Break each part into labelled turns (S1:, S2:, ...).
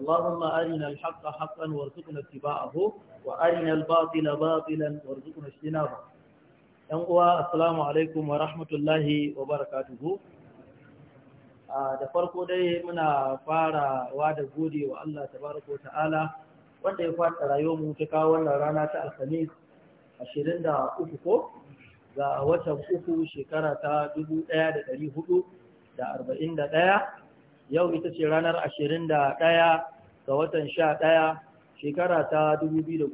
S1: اللهم أرنا الحق حقا وارزقنا اتباعه وأرنا الباطل باطلا وارزقنا اجتنابه ينقوى السلام wa rahmatullahi wa وبركاته da farko dai muna farawa da gode wa Allah tabaraka wa ta'ala wanda ya fata rayuwar mu ta kawo wannan rana ta alhamis 23 ko ga watan uku shekara ta 1441 yau ita ce ranar 21 ga watan 11 shekara ta 2019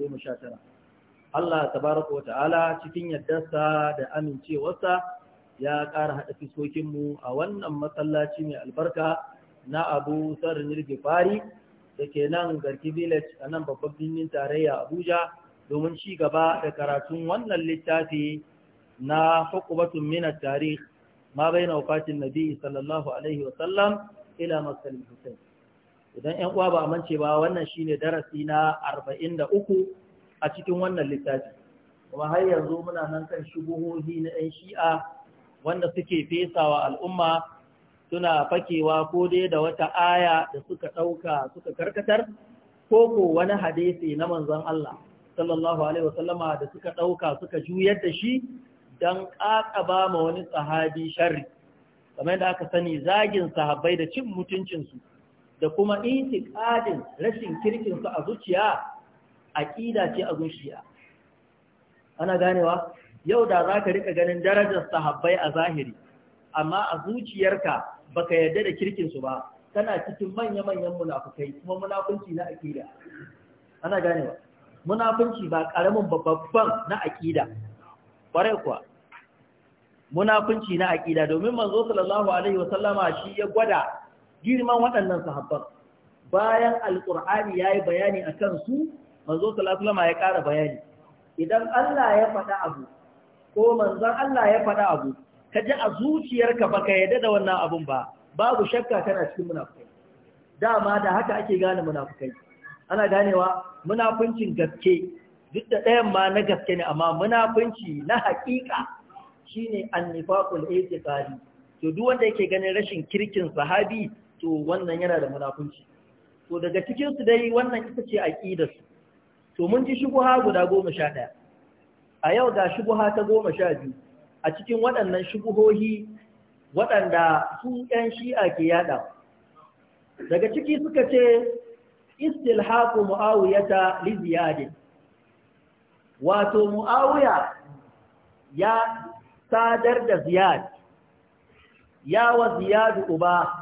S1: Allah tabaraka wata'ala cikin yaddarsa da amincewarsa ya ƙara haɗa fiskokinmu a wannan masallaci mai albarka na Abu Sarnil Gifari da ke nan Garki Village a nan babban birnin tarayya Abuja domin ci gaba da karatun wannan littafi na hukubatun minar tarih ma bai na wafatin nabi sallallahu alaihi wasallam ila maksal Hussein idan ƴan uwa ba a mance ba wannan shine darasi na 43 a cikin wannan littafi kuma har yanzu muna nan kan shubuhohi na ƴan Shi'a wanda suke fesawa al'umma suna fakewa ko dai da wata aya da suka ɗauka suka karkatar ko ko wani hadisi na manzon Allah sallallahu alaihi wasallama da suka ɗauka suka juyar da shi don ƙaƙaba ma wani sahabi sharri kamar da aka sani zagin sahabbai da cin mutuncinsu da kuma intiƙadin rashin kirkinsu a zuciya ƙida ce a zuciya ana ganewa yau da za ka riƙa ganin darajar sahabbai a zahiri amma a zuciyarka baka yarda da kirkinsu ba tana cikin manya-manyan munafukai kuma munafunci na aƙida ana ganewa munafunci ba ƙaramin babban na aƙida ƙwarai kuwa munafunci na aƙida domin manzo sallallahu alaihi sallama shi ya gwada girman waɗannan sahabban bayan alƙur'ani yayi bayani akan su manzo sallallahu alaihi ya ƙara bayani idan Allah ya faɗa abu ko manzon Allah ya faɗa abu ka ji a zuciyarka ba ka yadda da wannan abun ba babu shakka kana cikin munafukai dama da haka ake gane munafukai ana ganewa munafuncin gaske duk da ɗayan ma na gaske ne amma munafunci na haƙiƙa Shi shine annifaqul tsari, to duk wanda yake ganin rashin kirkin sahabi to wannan yana da munafunci to daga cikin dai wannan ita ce aƙidasu, su to mun ji shubuha guda 11 a yau ga shubuha ta goma biyu, a cikin waɗannan shubuhohi waɗanda su ƴan shi'a ke yada daga ciki suka ce istilhaqu muawiyata li ziyadin wato muawiya ya sadar da ziyad ya wa ziyad uba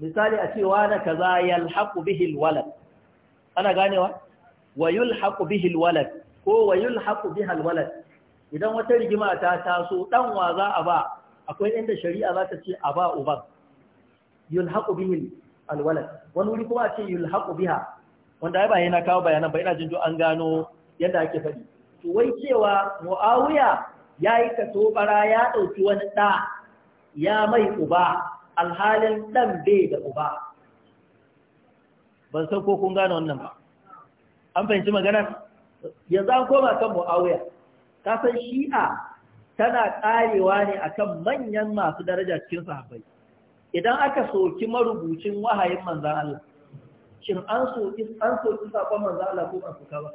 S1: misali a cewa na kaza yalhaqu bihi alwalad ana ganewa wa yulhaqu bihi alwalad ko wa yulhaqu biha alwalad idan wata rigima ta taso dan wa za a ba akwai inda shari'a za ta ce a ba uban yulhaqu bihi alwalad wani wuri kuma a ce yulhaqu biha wanda ai ba yana kawo bayanan ba ina jin an gano yadda ake faɗi to wai cewa muawiya ya yi kaso bara ya ɗauki wani ɗa ya mai uba alhalin ɗan bai da uba ban san ko kun gane wannan ba an fahimci maganar yanzu an koma kan mu'awiya kasan shi'a tana karewa ne akan manyan masu daraja cikin sahabbai idan aka soki marubucin wahayin manzan Allah shin an soki an soki sakon manzan Allah ko an soka ba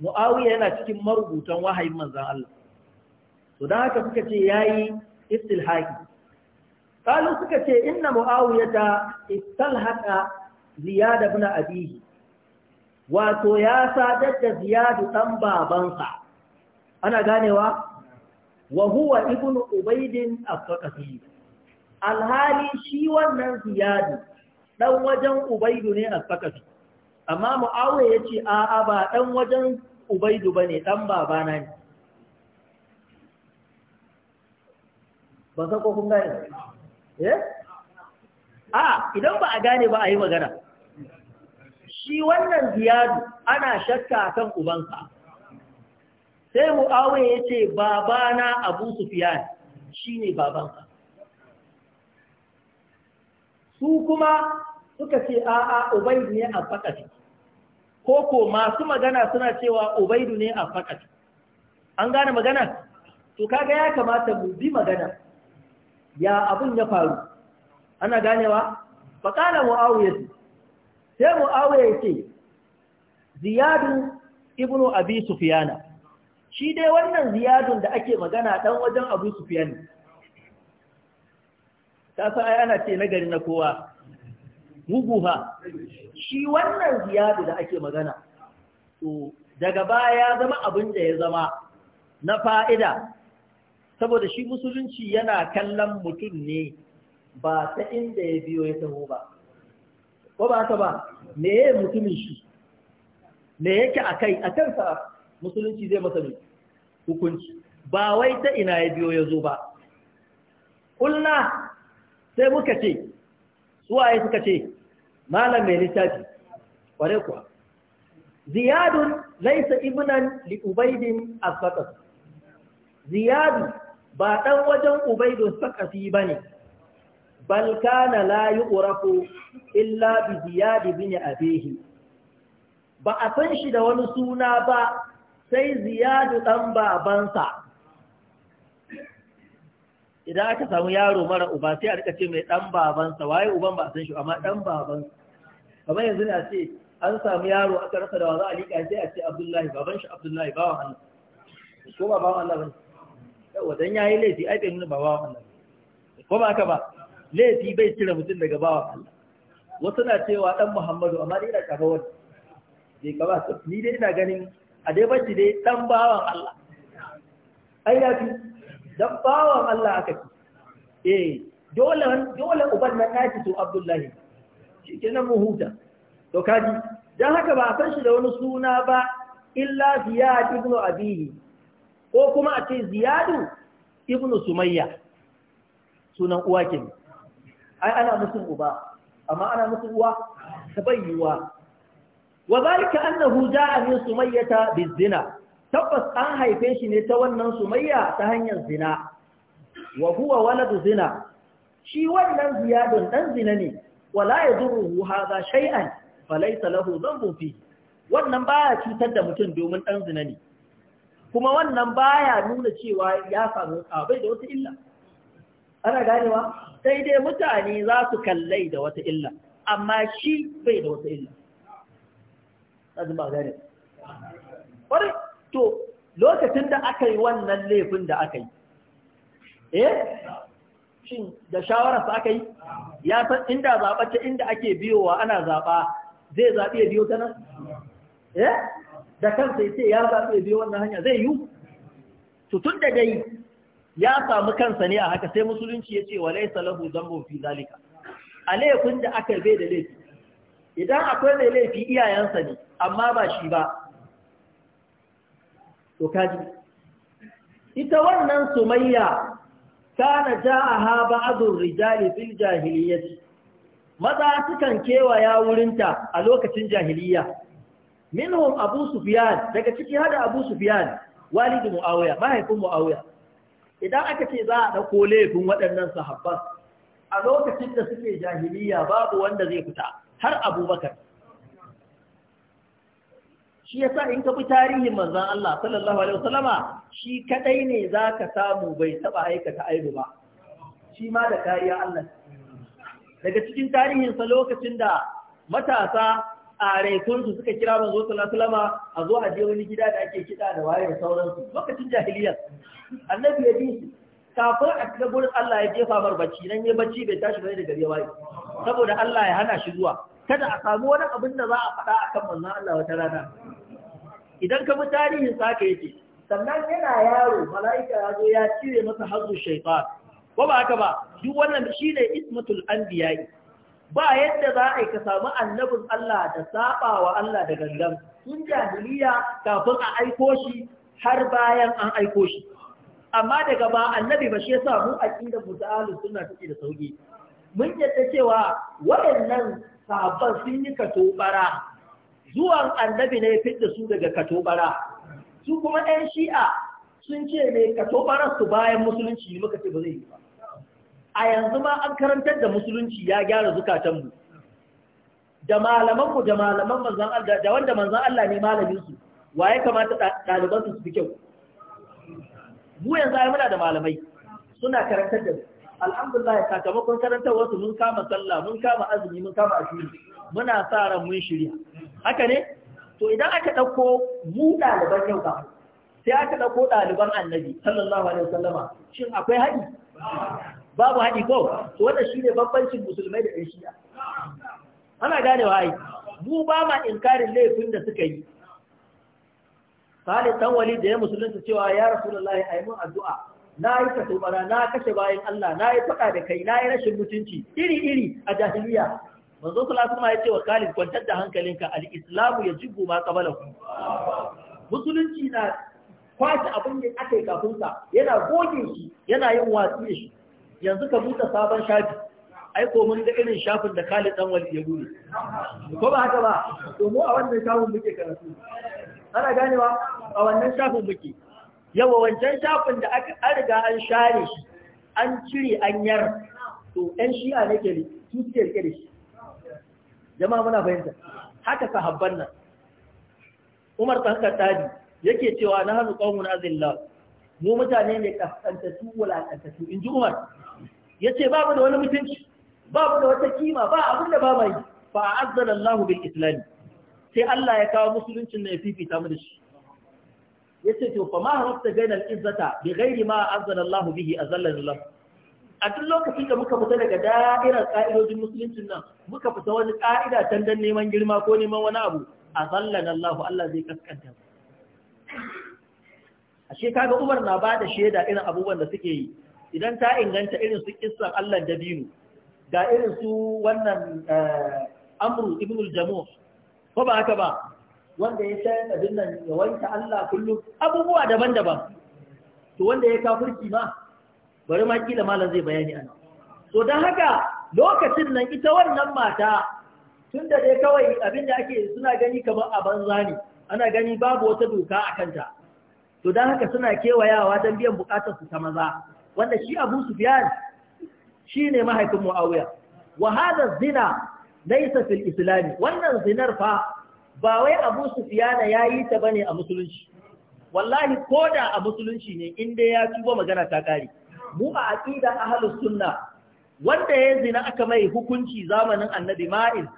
S1: mu'awiya yana cikin marubutan wahayin manzan Allah to don haka suka ce yayi istilhaki. kalu suka ce inna ta istalhaka ziyad ibn abihi wato ya sadar da ziyad dan babansa ana ganewa wa huwa ibn ubayd al-faqih alhali shi wannan ziyad dan wajen ubaydu ne al-faqih amma mu'awiya ya ce a'a ba ɗan wajen ubaidu ba ne ɗan babana ne ba san ko kun gane eh? a idan ba a gane ba a yi magana shi wannan ziyadu ana shakka kan ubanka sai mu'awiya ya ce babana abu sufiyan shi ne babanka su kuma suka ce a'a ubaidu ne a fakati ko ko masu magana suna cewa ubaidu ne a fakati an gane magana to kaga ya kamata mu bi magana ya abun ya faru ana ganewa awu muawiya sai muawiya ce ziyadu ibnu abi sufyana shi dai wannan ziyadun da ake magana dan wajen abu sufyan ta sa ai ana ce nagari na kowa buguha shi wannan ziyadu da ake magana to daga baya ya zama abin da ya zama na fa'ida saboda shi musulunci yana kallon mutum ne ba ta inda ya biyo ya taho ba ko ba ta ba me ya mutumin shi me yake a kai a kansa musulunci zai masa hukunci ba wai ta ina ya biyo ya zo ba ƙulna sai muka ce suwaye suka ce malam mai littafi kware kuwa ziyadun laisa ibnan li ubaidin asfaqas ziyadu ba dan wajen ubaidu saqafi bane bal kana la yu'rafu illa bi ziyad ibn abeehi ba a san shi da wani suna ba sai ziyadu dan babansa idan aka samu yaro mara uba sai a rika ce mai dan babansa waye uban ba san shi amma dan babansa kamar yanzu ne a ce an samu yaro aka rasa da wa za a liƙa sai a ce abdullahi baban shi abdullahi bawan allah ko ba bawan allah bane yawa dan yayi laifi ai bai nuna ba bawan allah ko ba haka ba laifi bai cire mutum daga bawan allah wasu na cewa dan muhammadu amma dai ina kafa wani bai kaba ni dai ina ganin a dai bacci dai dan bawan allah ai ya fi dan bawan Allah aka ci eh dole dole uban nan naki to Abdullahi shikenan mu huta to kaji dan haka ba a san shi da wani suna ba illa Ziyad ibn Abihi ko kuma a ce Ziyad ibn Sumayya sunan uwa ke ai ana musun uba amma ana musun uwa tabayyuwa wa zalika annahu ja'a min Sumayyata bizina tabbas an haife shi ne ta wannan sumayya ta hanyar zina wa huwa waladu zina shi wannan ziyadun dan zina ne wala yadurruhu hadha shay'an falaysa lahu dhanbun fi wannan baya cutar da mutum domin dan zina ne kuma wannan baya nuna cewa ya samu abai da wata illa ana ganewa sai dai mutane za su kallai da wata illa amma shi bai da wata illa ba gare ƙwarai to lokacin da aka yi wannan laifin da aka yi eh shin da shawararsa aka yi ya san inda zaɓace inda ake biyowa ana zaɓa zai zaɓi ya biyo ta nan eh da kansa ya ce ya zaɓi ya biyo wannan hanya zai yi to tun da dai ya samu kansa ne a haka sai musulunci ya ce wa laisa lahu zambun fi zalika a laifin da aka bai da laifi idan akwai mai laifi iyayensa ne amma ba shi ba to kaji ita wannan sumayya kana ja'aha ba'dur rijali fil jahiliyyati maza sukan kewaya wurinta a lokacin jahiliyya minhum abu sufyan daga ciki hada abu sufyan walidu muawiya mahaifin muawiya idan aka ce za a dauko laifin waɗannan sahabban a lokacin da suke jahiliyya babu wanda zai fita har abubakar shi yasa in ka bi tarihin manzon Allah sallallahu alaihi wasallama shi kadai ne zaka samu bai taba aikata aibu ba shi ma da kariya Allah daga cikin tarihinsa lokacin da matasa a raikun suka kira manzo sallallahu alaihi wasallama a zo a je wani gida da ake kida da waye da sauransu lokacin jahiliya annabi ya bi kafin a cikin gurin Allah ya jefa mar bacci nan ya bacci bai tashi bane da gari ya waye saboda Allah ya hana shi zuwa kada a samu wani abin da za a faɗa a kan manzan Allah wata rana idan ka bi tarihin sa ka yake sannan yana yaro mala'ika ya zo ya cire masa hazu shaifa ko ba haka ba duk wannan shi ne ismatul anbiya'i ba yadda za a yi ka samu annabin Allah da saba wa Allah da gangan tun jahiliya kafin a aiko shi har bayan an aiko shi amma daga ba annabi ba shi yasa mu aqidar mutaalu suna take da sauƙi. mun yadda cewa waɗannan sahabban sun yi katobara zuwan annabi ne fidda su daga katobara su kuma ɗan shi'a sun ce ne katobarar su bayan musulunci ne muka ce ba zai yi ba a yanzu ma an karantar da musulunci ya gyara zukatanmu da malamanmu da malaman manzan Allah da wanda manzan Allah ne malaminsu wa ya kamata ɗalibansu su fi kyau mu yanzu ai muna da malamai suna karantar da mu alhamdulillah sakamakon karantarwar su mun kama sallah mun kama azumi mun kama ashiri muna sa ran mun shirya haka ne to idan aka dauko mu daliban yau ka sai aka dauko daliban annabi sallallahu alaihi wasallama shin akwai haɗi babu haɗi ko to wannan shine bambancin musulmai da ɗan shi'a
S2: ana gane wai
S1: mu ba ma inkarin laifin da suka yi Khalid wali da ya musulunta cewa ya Rasulullahi ayi mun addu'a na yi katobara na kashe bayan Allah na yi faɗa da kai na yi rashin mutunci iri-iri a jahiliya manzo sallallahu alaihi ya ce wa Khalid kwantar da hankalinka al-islamu yajibu ma qablahu musulunci na kwace abin da aka yi kafin sa yana goge shi yana yin watsi ne, shi yanzu ka buta sabon shafi ai ko mun ga irin shafin da Khalid dan wali ya gure ko ba haka ba to mu a wannan shafin muke karatu ana ganewa a wannan shafin muke yawa wancan shafin da aka arga an share shi an cire an yar to ɗan shi'a ne ke su suke rike da shi jama'a muna fahimta haka sahabban nan umar ta haka tadi yake cewa na hannu ƙwan wani azillah mu mutane ne kaskantattu wulakantattu in ji umar ya ce babu da wani mutunci babu da wata kima ba abin da ba mai fa'azzan Allah bil islami sai Allah ya kawo musuluncin na ya fifita mu da shi yace to fa ma harafta gainal izzata bi ghairi ma anzala Allah bihi azallana Allah a duk lokacin da muka fita daga da'irar ka'idojin musuluncin nan muka fita wani ka'ida tan dan neman girma ko neman wani abu azallana Allah Allah zai kaskanta ashe kaga Umar na ba da shaida irin abubuwan da suke yi idan ta inganta irin su kissan Allah da ga irin su wannan eh, amru ibn al ko ba haka ba wanda ya sayar abin nan ya wanke Allah kullum abubuwa daban-daban to wanda ya kafirci ma bari ma kila malam zai bayani ana To don haka lokacin nan ita wannan mata tun da dai kawai abin da ake suna gani kamar a banza ne ana gani babu wata doka a kanta to don haka suna kewayawa don biyan bukatar su ta maza wanda shi abu sufyan shi ne mahaifin mu'awiya wa hada zina laysa fil islami wannan zinar fa ba wai abu sufiyana ya yi ta bane a musulunci wallahi ko da a musulunci ne inda ya tuba magana ta kare mu a aqida ahlus sunna wanda ya zina aka mai hukunci zamanin annabi ma'il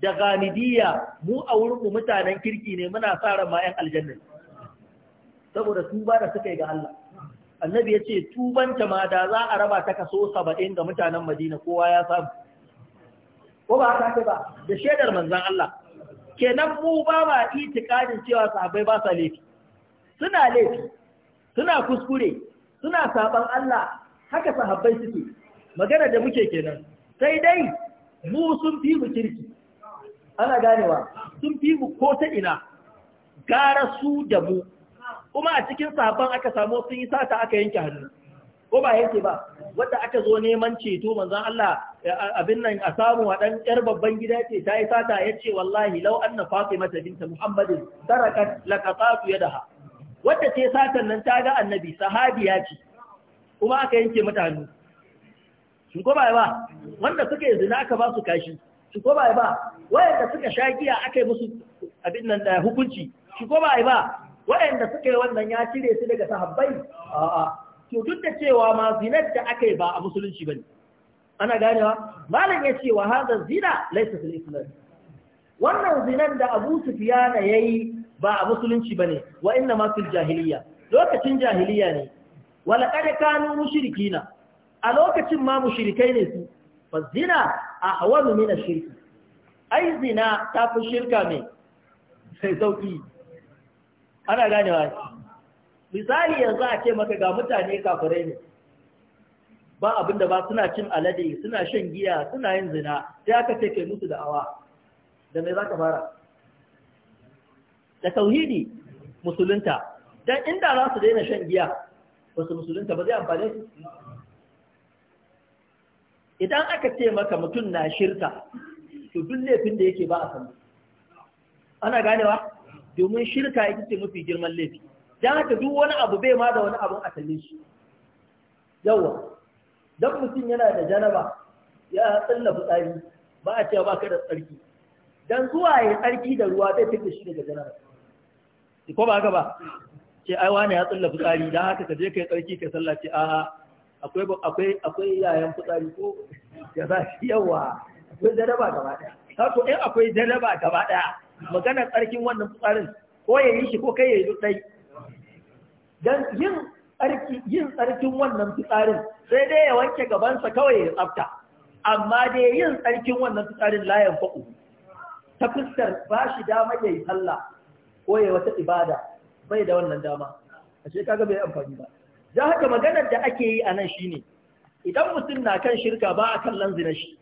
S1: da ganidiya mu a wurin mu mutanen kirki ne muna sa ran ma yan aljanna saboda tuba da suka yi ga Allah annabi ya ce tubanta ma da za a raba ta kaso 70 ga mutanen Madina kowa ya samu ko ba ta ba da shaidar manzon Allah kenan mu ba ma itikadin cewa sahabbai ba sa laifi suna laifi suna kuskure suna saban Allah haka sahabbai suke magana da muke kenan sai dai mu sun fi mu kirki ana ganewa sun fi mu ko ta ina gara su da mu kuma a cikin sahabban aka samu sun yi sata aka yanke hannu ko ba yake ba wadda aka zo neman ceto manzon Allah abin nan a samu a dan yar babban gida ce ta yi sata ya ce wallahi lau anna Fatima binta Muhammadin tarakat laqatatu yadaha wadda ce satan nan ta ga annabi sahabiya ce kuma aka yanke mata hannu shin ko ba ba wanda suka yi zina aka ba su kashi Shin ko ba ba wayanda suka sha giya aka yi musu abin nan da eh, hukunci Shin ko ba ba wayanda suka yi wannan ya cire su daga sahabbai a'a to duk da cewa ma zinar da aka yi ba a musulunci bane ana ganewa malam ya ce wa hada zina laysa fil islam wannan zinar da Abu Sufyan yayi ba a musulunci bane wa inna ma fil jahiliya lokacin jahiliya ne wala kad kanu mushrikina a lokacin ma mushrikai ne su fa zina ahwanu min ashirk shirk ai zina ta fi shirka mai sai sauki ana ganewa misali yanzu a ce maka ga mutane kafirai ne ba abinda ba suna cin alade suna shan giya suna yin zina sai aka ce kai musu da'awa da me za ka fara da tauhidi musulunta dan inda za su daina shan giya ba su musulunta ba zai amfane su idan aka ce maka mutum na shirka to duk laifin da yake ba a san ana ganewa domin shirka ita ce mafi girman laifi don haka duk wani abu bai ma da wani abun asali shi yawa don mutum yana da janaba ya tsalla fitsari ba a cewa ba ka da tsarki don zuwa ya tsarki da ruwa zai fita shi daga janaba ko ba haka ba ce ai wani ya tsalla fitsari don haka ka je ka yi tsarki ka ce a akwai akwai akwai yayan fitsari ko ya za shi yawa akwai janaba gaba ɗaya ka ko in akwai janaba gaba ɗaya maganar tsarkin wannan fitsarin ko ya yi shi ko kai ya yi duk ɗai dan yin tsarki yin tsarkin wannan fitsarin sai dai ya wanke gabansa kawai ya tsafta amma dai yin tsarkin wannan fitsarin layan faɗo, ta fuskar ba shi dama ya yi sallah ko ya wata ibada bai da wannan dama a ce kaga bai amfani ba za haka maganar da ake yi a nan shine idan mutum na kan shirka ba a kan lanzina shi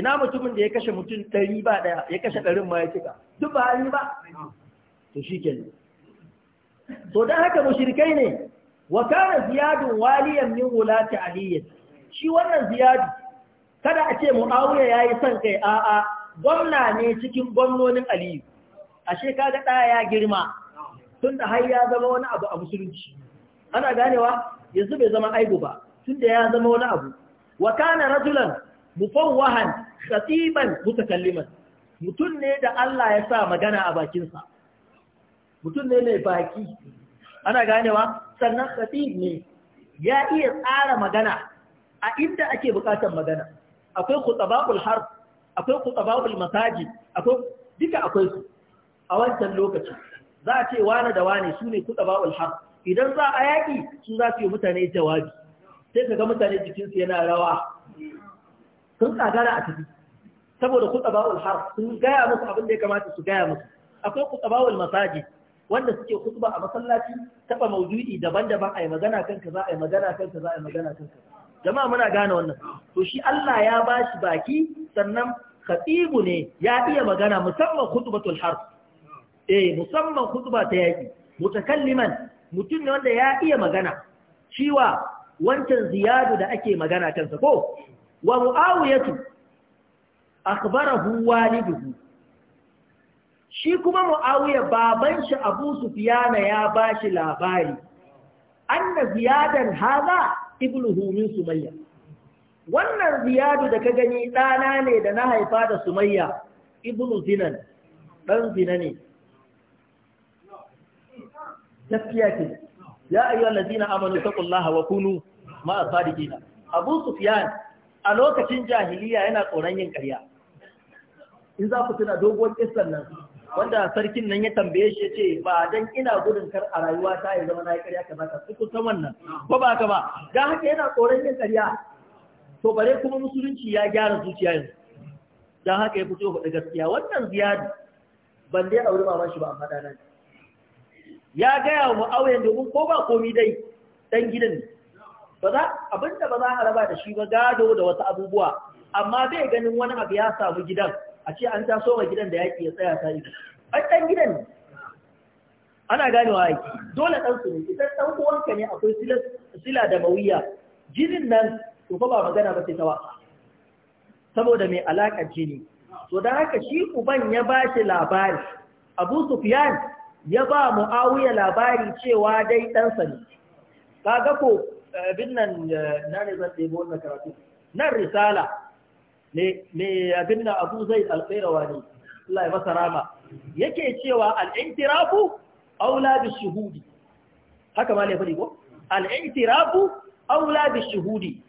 S1: ina mutumin da ya kashe mutum ɗari ba ɗaya ya kashe ɗarin ma ya cika duk ba hali ba to shi kenan to dan haka mushrikai ne wa kana ziyadun waliyan min wulati aliyya shi wannan ziyadu kada a ce muawiya yayi son kai a'a gwamna ne cikin gwamnonin aliyu ashe kaga da ya girma tunda har ya zama wani abu a musulunci ana ganewa yanzu bai zama aibu ba tunda ya zama wani abu wa kana rajulan mufawwahan khatiban mutakalliman mutun ne da Allah ya sa magana a bakinsa. sa mutum ne mai baki ana ganewa sannan khatib ne ya iya tsara magana a inda ake bukatar magana akwai kutababul harf akwai kutababul masajid akwai duka akwai su a wancan lokaci za a ce wane da wane su ne kutababul harf idan za a yaƙi su za su yi mutane jawabi sai ka ga mutane jikinsu yana rawa sun tsagara a tafi saboda kutababul harf sun gaya musu abin da ya kamata su gaya musu akwai kutababul masajid wanda suke kutuba a masallaci taba maudu'i daban-daban ai magana za a ai magana za a ai magana kanka jama'a muna gane wannan to shi Allah ya ba shi baki sannan khatibu ne ya iya magana musamman khutbatul harf eh musamman khutba ta yaki mutakalliman mutum ne wanda ya iya magana ciwa wancan ziyadu da ake magana kansa ko wa muawiyatu akhbarahu waliduhu shi kuma mu'awiya baban shi abu sufiyana ya ba shi labari anna ziyadan haza ibnu min sumayya wannan ziyadu da ka gani ɗana ne da na haifa da sumayya ibnu zinan ɗan zina ne gaskiya ce ya ayyuhal ladina amanu taqullaha wa kunu ma'a sadiqina abu sufyan a lokacin jahiliya yana tsoron yin ƙarya in za ku tuna dogon kissan nan wanda sarkin nan ya tambaye shi ce ba dan ina gudun kar a rayuwa ta ya zama na yi ƙarya ka zaka su kusan wannan ko ba ka ba dan haka yana tsoron yin karya. to bare kuma musulunci ya gyara zuciya yanzu dan haka ya fito faɗi gaskiya wannan ziyadi ban dai aure ba shi ba amma dana ya gaya wa mu'awiyan domin ko ba komi dai dan gidan ba za abinda ba za a raba da shi ba gado da wasu abubuwa amma bai ganin wani abu ya samu gidan a ce an taso ga gidan da yaƙi ya tsaya ta yi ɗan gidan ana ganewa aiki. dole ɗan su ne idan ɗan kowanka ne akwai sila da mawiya jinin nan to fa ba magana ba sai tawa saboda mai alaƙar jini to da haka shi uban ya ba shi labari abu sufyan ya ba mu'awiya labari cewa dai ɗansa ne ga ko eh, abin nan eh, na ne zan ɗebo wannan karatu nan risala me abin da abu zai alƙairawa ne Allah ya masa rama yake cewa al'intirafu aula bi shuhudi haka ma ne fadi ko al'intirafu aula bi shuhudi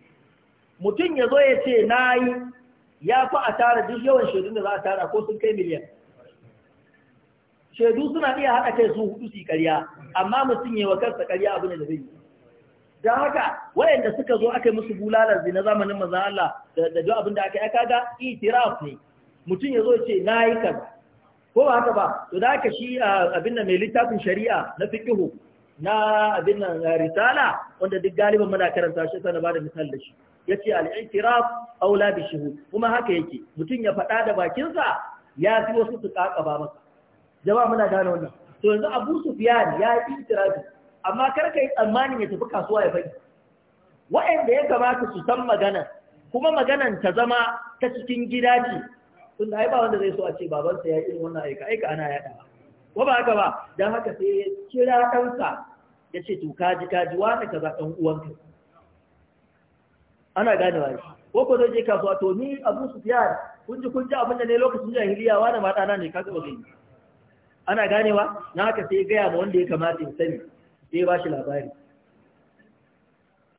S1: mutum ya zo ya ce na yi ya fi a tara duk yawan shaidun da za a tara ko sun kai miliyan shaidu suna iya haɗa kai su hudu su yi ƙarya amma mutum yi wa kansa ƙarya abu ne da zai yi don haka wayanda suka zo aka yi musu bulalar zina zamanin maza Allah da duk abin da aka yi kaga itiraf ne mutum ya zo ce na yi kaza ko ba haka ba to da haka shi ah, abin da mai littafin shari'a na fiqhu na abin nan ah, risala wanda duk galiban muna karanta shi sana bada misal da shi yace al-i'tiraf aula bi shuhud kuma haka yake mutum ya faɗa da bakinsa ya fi wasu su kakaba masa jama'a muna gane wannan to yanzu Abu Sufyan ya yi i'tirafi amma kar ka yi tsammanin ya tafi kasuwa ya bai wa'anda ya kamata su san magana kuma maganan ta zama ta cikin gida ce tun da ba wanda zai so a ce babansa ya yi irin wannan aika aika ana yaɗa ba ko ba haka ba don haka sai ya kira ɗansa ya ce to kaji kaji ka za ɗan uwanka ana ganewa shi ko ko zai je kasuwa to ni abu su fiya kun ji kun ji abin da ne lokacin jahiliya wani ma ɗana ne kaga ba zai ana ganewa na haka sai ya gaya ma wanda ya kamata ya sani sai ba shi labari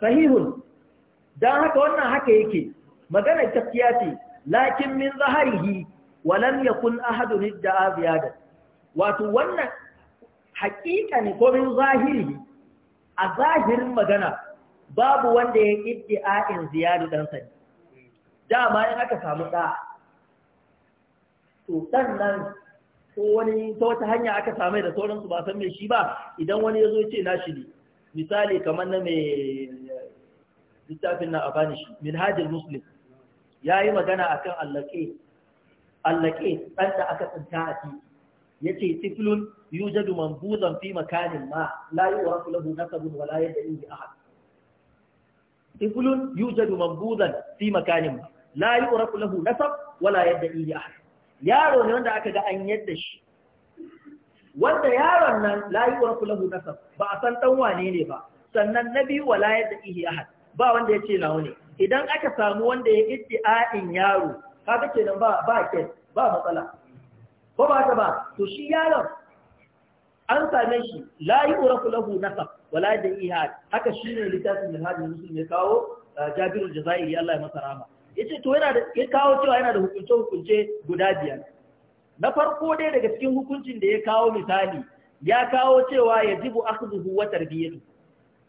S1: sahihun dan haka wannan haka yake maganar tafiya ce lakin min zaharihi wa lam yakun ahadun a ziyada wato wannan haƙiƙa ne ko min zahiri a zahirin magana babu wanda ya iddi'a'in ziyadu dan sani dama in aka samu ɗa to sannan ko wani ta wata hanya aka same da sauransu ba san me shi ba idan wani ya zo ya ce na shi ne misali kamar na mai littafin na abani shi minhajul muslim ya yi magana akan allake allake ɗan da aka tsinta a titi ya ce tiflun yujadu buzan fi makanin ma layi yi wa lahu nasabun wa la yadda yi ahad tiflun yujadu buzan fi makanin ma layi yi wa lahu nasab wa la yadda yi ahad yaro ne wanda aka ga an yadda shi wanda yaron nan la yuwarku lahu nasab ba a san dan wane ne ba sannan nabi wala yadda ihi ahad ba wanda ya ce nawo ne idan aka samu wanda ya iddi'a'in yaro kaga kenan ba ba ke ba matsala ko ba ta ba to shi yaron an same shi la yuwarku lahu nasab wala yadda ihi ahad haka shine littafin da hadisi ya kawo jabirul jazairi Allah ya masa rahama yace to yana da ya kawo cewa yana da hukunce hukunce guda biyar na farko dai daga cikin hukuncin da ya kawo misali ya kawo cewa ya jibu akhdhuhu wa tarbiyatu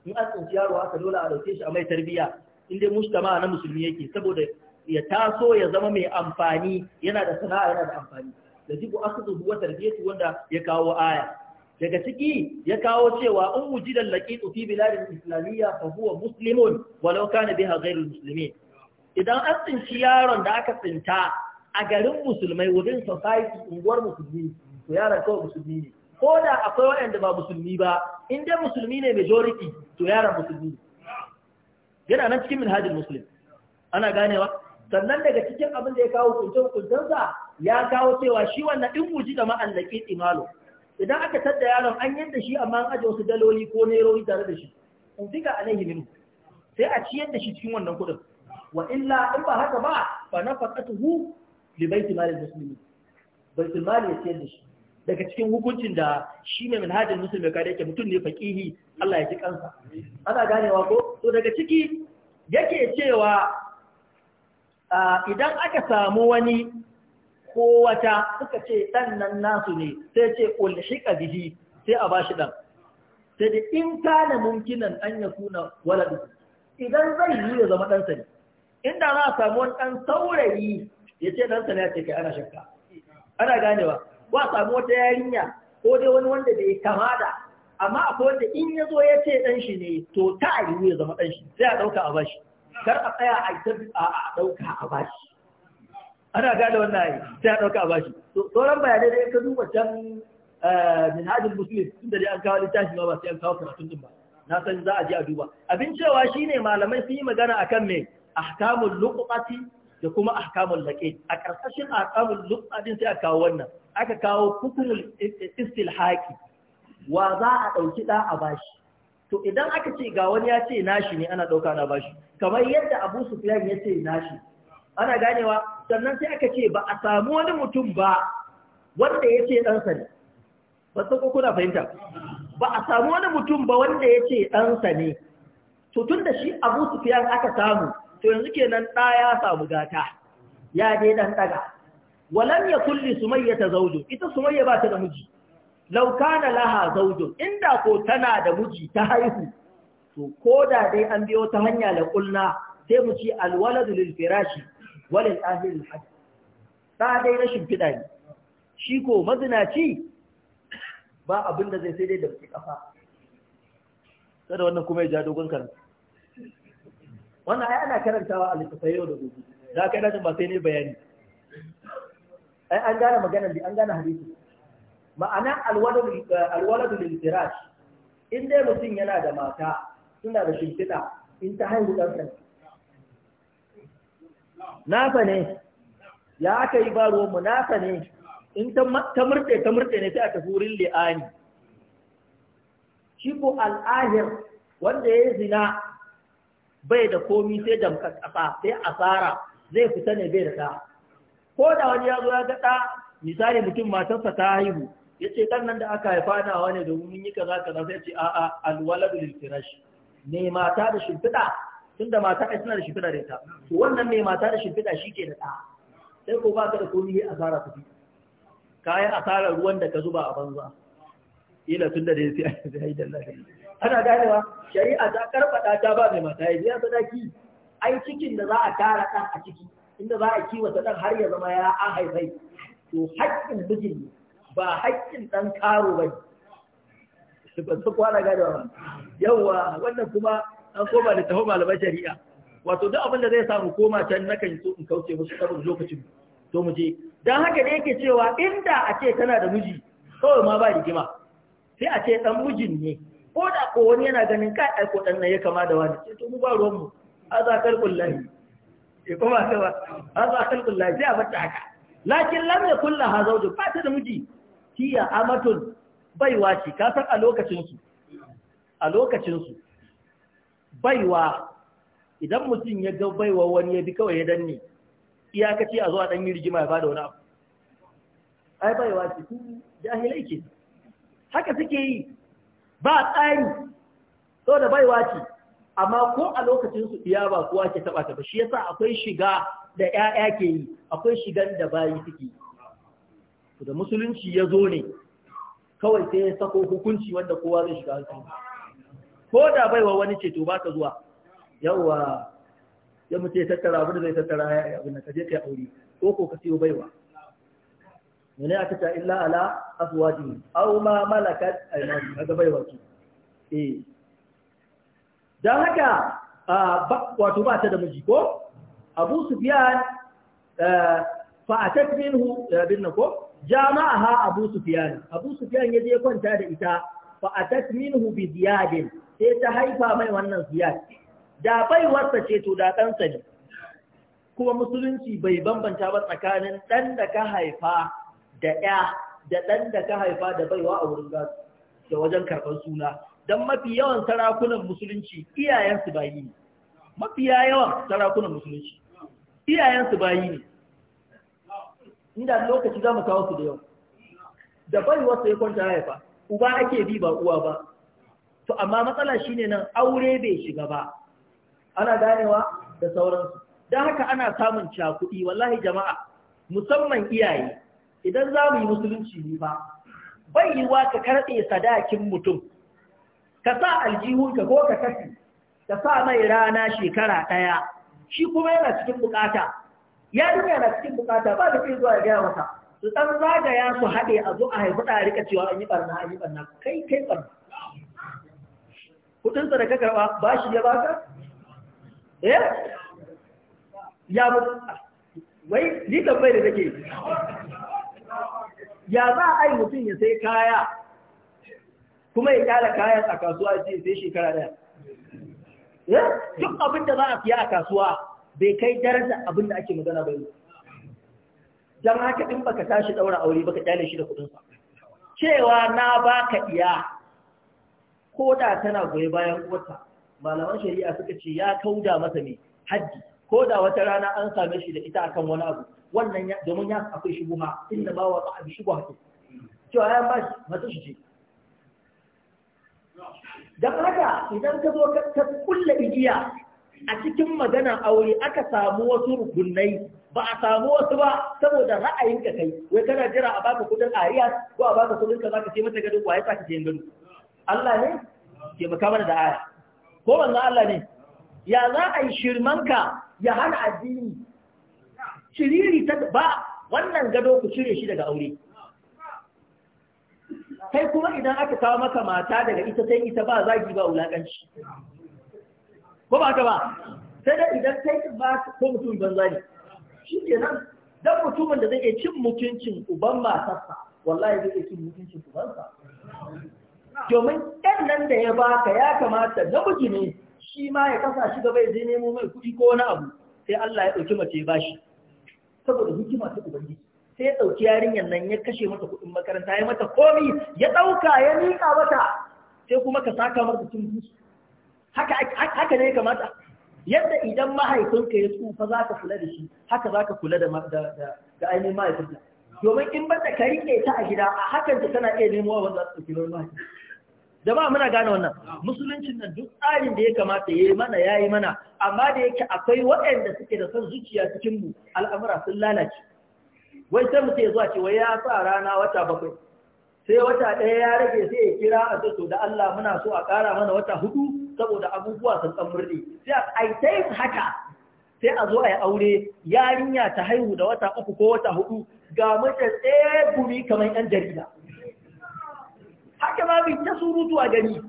S1: in an tsinci yaro aka dole a dauke shi a mai tarbiya in dai mujtama na musulmi yake saboda ya taso ya zama mai amfani yana da sana'a yana da amfani jibu akhdhuhu wa tarbiyatu wanda ya kawo aya daga ciki ya kawo cewa in wujidal laqitu fi biladil islamiyya fa huwa muslimun walau kana biha ghayrul muslimin idan an tsinci yaron da aka tsinta a garin musulmai within society unguwar musulmi to yaron kawai musulmi ne ko da akwai waɗanda ba musulmi ba in dai musulmi ne majority to yaron musulmi ne yana nan cikin minhajin Musulmi, ana ganewa sannan daga cikin abin da ya kawo kunce-kuncensa ya kawo cewa shi wannan din guji da ma'allaki imalo idan aka tadda yaron an yadda shi amma an aje wasu daloli ko nerori tare da shi in diga alaihi minu sai a ciyar da shi cikin wannan kuɗin wa illa in ba haka ba fa nafaqatuhu li baiti malil muslimin baiti mali ya da shi daga cikin hukuncin da shi ne manhajin musulmi kada yake mutum ne faƙihi Allah ya ji kansa ana ganewa ko to daga ciki yake cewa idan aka samu wani ko wata suka ce dan nan nasu ne sai ce ulhiqa bihi sai a bashi ɗan. sai da in kana mumkinan an yakuna waladu idan zai yi ya zama dan sani inda za a samu wani ɗan saurayi ya ce ɗansa ne a ce kai ana shakka ana ganewa Ba a samu wata yarinya ko dai wani wanda bai kama da amma akwai wanda in ya zo ya ce ɗan shi ne to ta a yiwu ya zama ɗan shi sai a ɗauka a bashi kar a tsaya a a ɗauka a bashi ana gane wannan yi sai a ɗauka a bashi sauran bayanai da ka duba can eh, min hajjin musulun inda dai an kawo littafi ma ba sai an kawo karatun din ba na san za a je a duba abin cewa shine malamai sun yi magana akan me ahkamul luqati da kuma ahkamul laqi a karkashin ahkamul luqati sai aka kawo wannan aka kawo hukumul istilhaqi wa za a dauki da a bashi to idan aka ce ga wani ya ce nashi ne ana dauka na bashi kamar yadda Abu Sufyan ya ce nashi ana ganewa sannan sai aka ce ba a samu wani mutum ba wanda ya ce ɗansa ne ba su ko kuna fahimta ba a samu wani mutum ba wanda ya ce ɗansa ne to tun da shi abu Sufyan aka samu to yanzu kenan ɗa ya samu gata ya dai dan daga walam ya kulli sumayya ta zaujo ita sumayya ba ta da miji Lauka kana laha zaujo inda ko tana da miji ta haihu to da dai an biyo ta hanya la kulna sai mu ci alwaladu lil firashi walil ahli lil ta dai rashin fida ne shi ko mazinaci ba abin da zai sai dai da kafa kada wannan kuma ya ja dogon karatu wannan ai ana karantawa a littafai yau da gobe za ka yi ba sai ne bayani ai an gane maganar bi an gane hadisi ma'ana alwaladu lintirash in dai mutum yana da mata suna da shimfiɗa in ta haihu ɗan nasa ne ya aka yi baro mu nasa ne in ta murɗe ta murɗe ne sai a tafi wurin li'ani shi ko al'ahir wanda ya yi zina bai da komi sai damkar kasa sai asara zai fita ne bai da ɗa ko da wani ya zo ya ga ɗa misali mutum matarsa ta haihu ya ce ɗan nan da aka haifa na wani domin yi kaza kaza sai ce a'a alwaladu lil firash ne mata da shimfiɗa tunda mata ai suna da shimfiɗa da ita to wannan mai mata da shimfiɗa shi ke da ɗa sai ko ba ka da komi asara kuɗi yi asarar ruwan da ka zuba a banza ila tunda da ya sai ai da lafiya ana ganewa shari'a ta karfada ta ba mai mata ya biya sadaki ai cikin da za a tara ɗan a ciki inda za a kiwata dan har ya zama ya an haifai to haƙƙin mijin ne ba haƙƙin ɗan karo ba ne ba su kwana ganewa ba yawa wannan kuma an koma da taho malamai shari'a wato duk abin da zai samu koma can na kan so in kauce musu saboda lokacin to mu je dan haka da yake cewa inda a ce tana da miji kawai ma ba rigima sai a ce dan mijin ne ko da ko wani yana ganin kai ai ko dan ya kama da wani to mu ba ruwan mu aza kalkul lahi e ko ba ta ba aza kalkul lahi bata haka lakin lam yakul laha zawjun ba ta da miji hiya amatun baiwa ce ka san a lokacin su a lokacin su baiwa idan mutum ya ga baiwa wani ya bi kawai ya danne iyakaci a zuwa dan yi rigima ya bada wani abu ai baiwa ce jahilai ke haka suke yi ba tsari so da baiwa ce amma ko a lokacin su iya ba kowa ke taba ta ba shi yasa akwai shiga da ƴaƴa ke yi akwai shigan da bayi suke to da musulunci ya zo ne kawai sai ya sako hukunci wanda kowa zai shiga hankali ko da baiwa wani ce to baka zuwa yawa ya mutu ya tattara abin da zai tattara ya abin da ka je kai aure ko ko ka siyo baiwa ne aka ta illa ala azwajin aw ma malakat aymanu kaga bai wato eh dan haka wato ba ta da miji ko Abu Sufyan eh, fa atat minhu eh, binna ko jama'aha Abu Sufyan Abu Sufyan yaje kwanta da ita fa atat minhu bi ziyadin sai ta haifa mai wannan ziyad da bai wasa ce to da sa ne kuma musulunci bai bambanta ba tsakanin ɗan da ka haifa da ya da ɗan da ka haifa da baiwa a wurin gasu da wajen karɓar suna don mafi yawan sarakunan musulunci iyayensu bayi ne mafiya yawan sarakunan musulunci iyayensu bayi ne inda lokaci za mu kawo su da yau da baiwa su ya kwanta haifa uba ake bi ba uwa ba to amma matsala shine nan aure bai shiga ba ana ganewa da sauransu don haka ana samun cakuɗi wallahi jama'a musamman iyaye idan za mu yi musulunci ne ba bai yiwa ka karɓe sadakin mutum ka sa aljihunka ko ka kafi ka sa mai rana shekara ɗaya shi kuma yana cikin bukata ya duka yana cikin bukata ba da kai zuwa ya gaya masa su ɗan zagaya su haɗe a zo a haifu ɗa rika cewa an yi ɓarna an yi ɓarna kai kai ɓarna kuɗinsa da ka karɓa ba shi ya baka eh ya mutu wai ni tambayi da take ya za a yi mutum ya sai kaya kuma ya kyara kayan a kasuwa ce sai shekara ɗaya duk abin da za a siya a kasuwa bai kai daraja abin da ake magana ba don haka in baka tashi ɗaura aure baka kyale shi da kuɗinsa cewa na baka iya ko da tana goyi bayan wata, malaman shari'a suka ce ya kauda masa ne haddi ko da wata rana an same shi da ita akan wani abu wannan domin ya akwai shubuha inda ba wa ta'abi shubuha ce cewa ya ba shi masu shi ce Da haka idan ka zo ka kulle igiya a cikin magana aure aka samu wasu rukunai ba a samu wasu ba saboda ra'ayin ka kai wai kana jira a baka kudin ariya ko a baka kudin ka zaka ce mata gado waye sa ka ce gado Allah ne ke maka mana da aya ko wannan Allah ne ya za a yi ka ya hana addini Ciriri ta ba wannan gado ku cire shi daga aure kai kuma idan aka kawo maka mata daga ita sai ita ba zagi ba wulaƙanci. ko ba ta ba sai da idan kai ba ko mutum banza ne shi ke nan dan mutumin da zai cin mutuncin uban matarsa wallahi zai cin mutuncin ubansa domin ɗan nan da ya ba ka ya kamata namiji ne shi ma ya kasa shi gaba ya je nemo mai kuɗi ko wani abu sai Allah ya ɗauki mace ba shi saboda hikima ta ubangiji sai ya ɗauki yarinyar nan ya kashe mata kuɗin makaranta ya mata komi ya ɗauka ya miƙa mata sai kuma ka saka mata cin haka ne kamata yadda idan mahaifinka ya tsufa za ka kula da shi haka za ka kula da ainihin mahaifinka domin in bata ka riƙe ta a gida a hakan ta tana iya nemo wanda za su ɗauki wani mahaifinka jama'a muna gane wannan musuluncin nan duk tsarin da ya kamata ya yi mana ya yi mana amma da yake akwai waɗanda suke da son zuciya cikin mu al'amura sun lalace wai sai mutum ya zuwa ce wai ya sa rana wata bakwai sai wata ɗaya ya rage sai ya kira a to da Allah muna so a ƙara mana wata hudu saboda abubuwa sun ɗan murɗe sai a aitai haka sai a zo a yi aure yarinya ta haihu da wata uku ko wata hudu ga mace tsaye gumi kamar 'yan jarida haka ma ta surutu a gani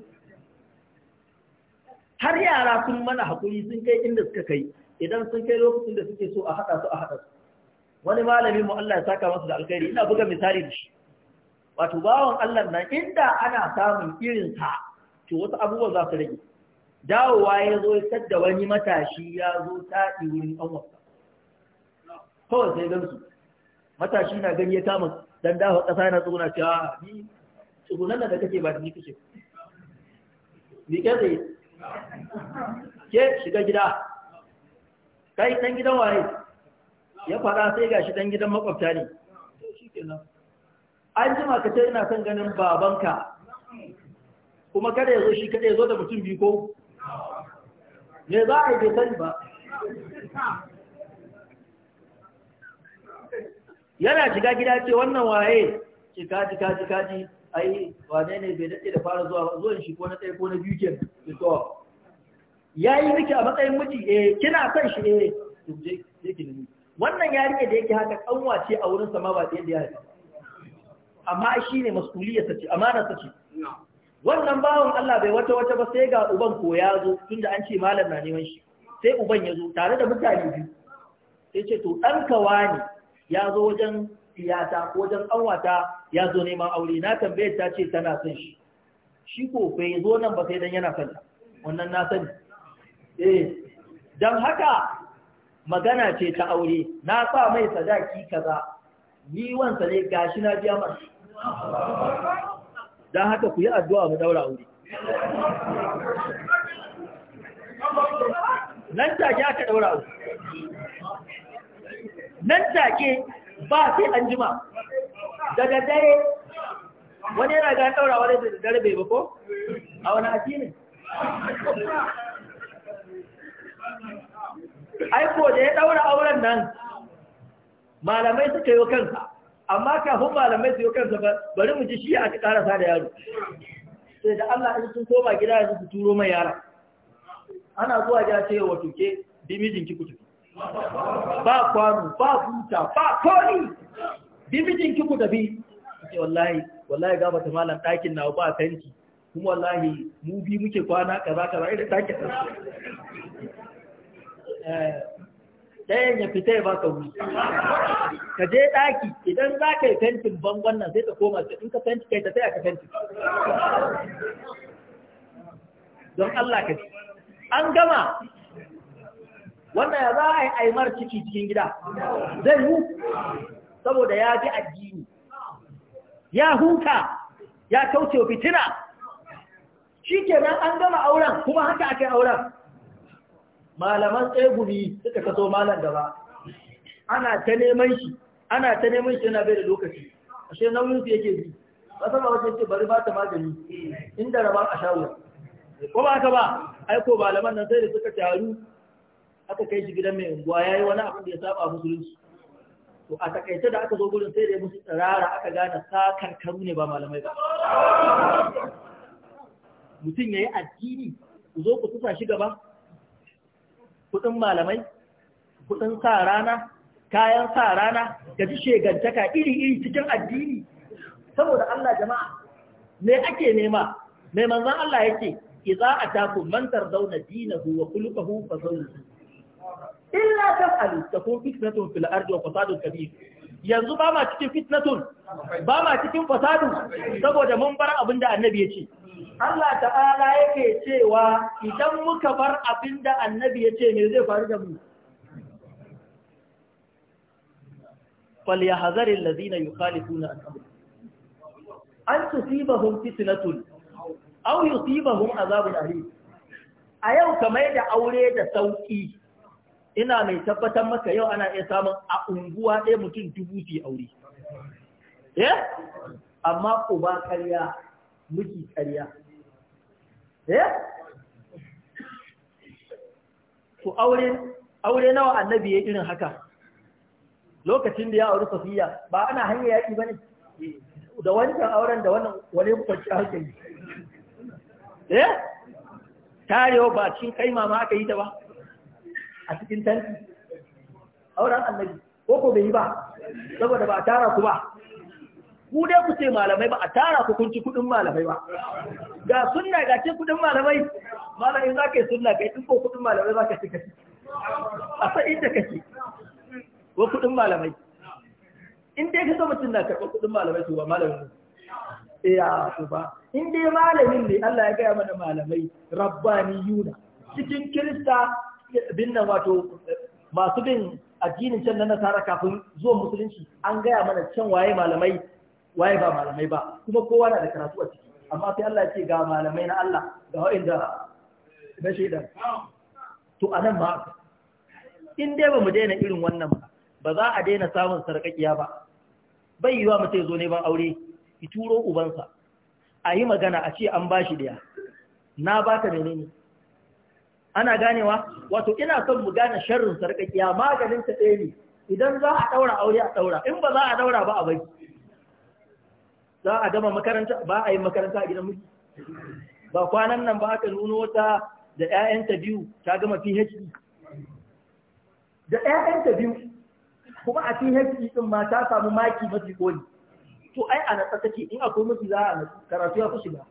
S1: har yara sun mana hakuri sun kai inda suka kai idan sun kai lokacin da suke so a haɗa su a haɗa su wani malami mu Allah ya saka masa da alkhairi ina buga misali da shi wato bawan Allah nan inda ana samun irin sa to wasu abubuwa za su rage dawowa ya zo ya sadda wani matashi ya zo taɗi wurin ɗan wasa kawai sai su matashi na gani ya kama dan dawo ƙasa yana tsuguna cewa ni tsugunan da kake ba da ni kake miƙe zai ke shiga gida kai ɗan gidan waye ya faɗa sai gashi ɗan gidan makwabta ne an jima ka ce ina son ganin babanka kuma kada ya zo shi kada ya zo da mutum biyu ko me za a yi bai sani ba yana shiga gida ce wannan waye ce kaji kaji kaji ai wane ne bai daɗe da fara zuwa zuwan shi ko na ɗaya ko na biyu ke to ya yi miki a matsayin miji eh kina son shi eh to je je ki nemi wannan rike da yake haka kanwa ce a wurin sama ba da ya haifa amma shi ne masuliyar ta ce amana ta ce wannan bawon Allah bai wata wata ba sai ga uban ko ya zo tunda an ce malam na neman shi sai uban ya zo tare da mutane biyu sai ce to ɗanka wani ya zo wajen iyata ko wajen ƙanwata ya zo neman aure na tambayar ta ce tana son shi shi ko bai zo nan ba sai dan yana son ta wannan na sani eh dan haka magana ce ta aure na sa mai sadaki kaza ni wansa ne gashi na biya mar dan haka ku yi addu'a mu daura aure
S2: nan take aka daura aure nan take ba sai an jima da dare wani yana ga daura wani
S1: da dare bai ba ko a wani ne
S2: aiko da ya daura auren
S1: nan malamai suka yi kansa amma kafin malamai su yi kansa bari mu ji shi a ta karasa da yaro sai da Allah in sun koma gida su turo mai yara ana zuwa ya ce wa tuke bi mijinki kutu ba kwano ba buta ba koni bi mijin ku tafi ce wallahi wallahi ga bata malam ɗakin na ba fenti kuma wallahi mu bi muke kwana kaza kaza idan irin ɗakin da eh, ɗayan ya fita ya baka wuri ka je ɗaki idan za ka yi fentin bangon nan sai ka koma ta in ka fenti kai ta sai ka fenti don Allah ka ji an gama wanda ya za a yi aimar ciki cikin gida zai hu saboda ya ji addini ya huta ya kauce fitina shi ke kenan an gama auren kuma haka ake auren malaman tsegumi suka kaso malan gaba. ana ta neman shi ana ta neman shi yana bai da lokaci ashe nauyin su yake bi ba sama ce bari ba ta magani inda raba a shawo ko ba ka ba aiko malaman nan sai da suka taru aka kai shi gidan mai unguwa yayi wani abu da ya saba musulunci to a takaice da aka zo gurin sai da musu tsirara aka gane sakan karu ne ba malamai ba mutum yayi addini ku zo ku tusa shi gaba kudin malamai kudin sa rana kayan sa rana ga ji shegantaka iri iri cikin addini saboda Allah jama'a me ake nema me manzon Allah yake idza atakum man tardawna dinahu wa khuluquhu fa zawjuhu illa taf'alu takun fitnatun fil ardi wa fasadun kabir yanzu ba ma cikin fitnatun ba ma cikin fasadun saboda mun bar abin da annabi ya ce Allah ta'ala yake cewa idan muka bar abin da annabi ya ce me zai faru da mu فليحذر الذين يخالفون عن امره an tusibahum fitnatun aw yusibahum azabun alim a yau kamar da aure da sauki ina mai tabbatar maka yau ana iya samun a unguwa ɗaya mutum dubu fi aure eh amma ba karya miki karya eh Ku aure aure nawa annabi ya irin haka lokacin da ya auri safiya ba ana hanya ba ne? da wancan auren da wannan wani kwanci hankali eh tarewa ba cikin kai mama aka yi ta ba a cikin tanti auren annabi ko ko bai yi ba saboda ba a tara ku ba ku dai ku ce malamai ba a tara ku kun ci kudin malamai ba ga sunna ga ce kudin malamai malamin za ka yi sunna ga yi ko kudin malamai ba ka ci kashi
S2: a sa inda kake
S1: ko kudin malamai in dai ka so mutum na karɓar kudin malamai to ba malamin ya su eh, ba in dai malamin ne Allah ya gaya mana malamai rabbaniyuna cikin kirista bin wato masu bin addinin can na nasara kafin zuwan musulunci an gaya mana can waye malamai waye ba malamai ba kuma kowa na da karatu a ciki amma sai Allah ya ce ga malamai na Allah ga wa'inda na shaidan to anan ma in dai ba mu daina irin wannan ba ba za a daina samun sarkakiya ba bai yiwa mutum zo ban aure ki turo ubansa a yi magana a ce an ba shi daya na ba ta menene ana ganewa wato ina son mu gane sharrin kiya maganin ta ɗaya ne idan za a ɗaura aure a ɗaura in ba za a ɗaura ba a bai za a gama makaranta ba a yi makaranta a gidan miki. ba kwanan nan ba aka nuno wata da 'ya'yanta biyu ta gama PhD da 'ya'yanta biyu kuma a PhD din ma ta samu maki mafi koli to ai a natsa take in akwai mutu za a karatu ya fi shiga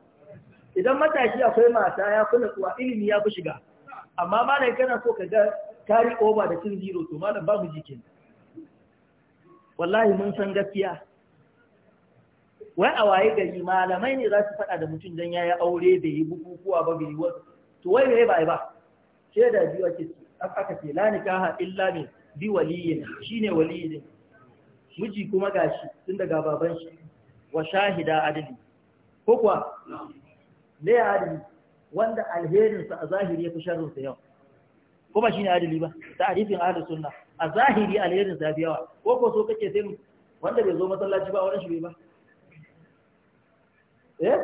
S1: idan matashi akwai mata ya fi natsuwa ilimi ya fi shiga amma malam kana so ka ga kari over da cin zero to malam ba mu jikin wallahi mun san gaskiya wai a waye gari malamai ne za su faɗa da mutum dan ya aure da yi bukukuwa ba bai wa to wai ne ba ba shaida biyu ake aka ce la nikaha illa min bi waliyin shine waliyin miji kuma gashi tun daga baban shi wa shahida adali ko kuwa ne adali wanda alherinsa a zahiri ya fi sharrinsa yawa ko ba ne adali ba ta'arifin ahlus sunna a zahiri alherinsa ya fi yawa ko ko so kake sai wanda bai zo masallaci ba wurin shi ba eh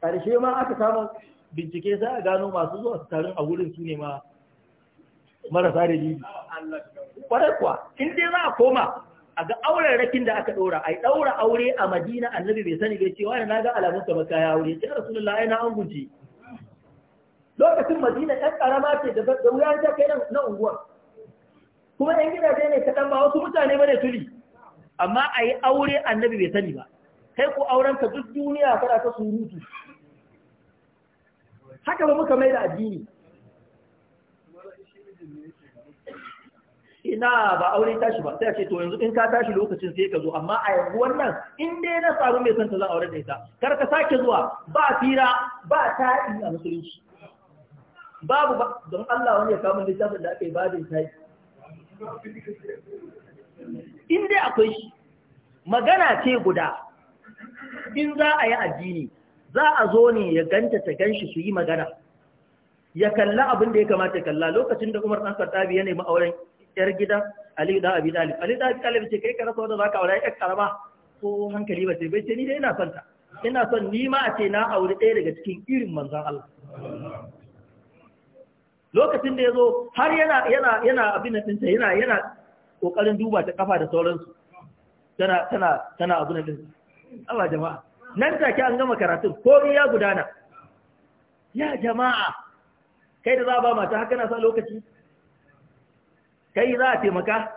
S1: karshe ma aka samu bincike sai a gano masu zuwa tarin a wurin su ne ma
S2: marasa da jibi
S1: kwarai kuwa in dai za a koma a ga auren rakin da aka ɗora a yi ɗaura aure a madina annabi bai sani bai cewa na ga alamun sa maka ya aure Ya rasulullah ai an guje lokacin madina ɗan ƙarama ce da da wuya ta kai na unguwar kuma ɗan gidaje ne kaɗan ba wasu mutane ba ne tuli amma a yi aure annabi bai sani ba kai ku auren ka duk duniya fara ta surutu haka ba muka mai da addini ina ba aure tashi ba sai a ce to yanzu in ka tashi lokacin sai ka zo amma a yanzu wannan in dai na samu mai santa zan aure da ita kar ka sake zuwa ba fira ba yi a musulunci babu ba don Allah wani ya kama littafin da aka yi babin in dai akwai shi magana ce guda in za a yi addini za a zo ne ya ganta ta ganshi su yi magana ya kalla abin da ya kamata ya kalla lokacin da Umar dan Khattabi ya nemi auren yar gidan Ali da Abi Talib Ali da Abi Talib ce kai ka da za zaka aure yar karama ko hankali ba sai bai ce ni dai ina son ta ina son ni ma a ce na aure ɗaya daga cikin irin manzon Allah lokacin da yazo har yana yana yana abin nan tinta yana yana kokarin duba ta kafa da sauransu tana tana tana abu nan Allah jama'a nan take an gama karatun komai ya gudana ya jama'a kai da za a ba mata haka na sa lokaci kai za a taimaka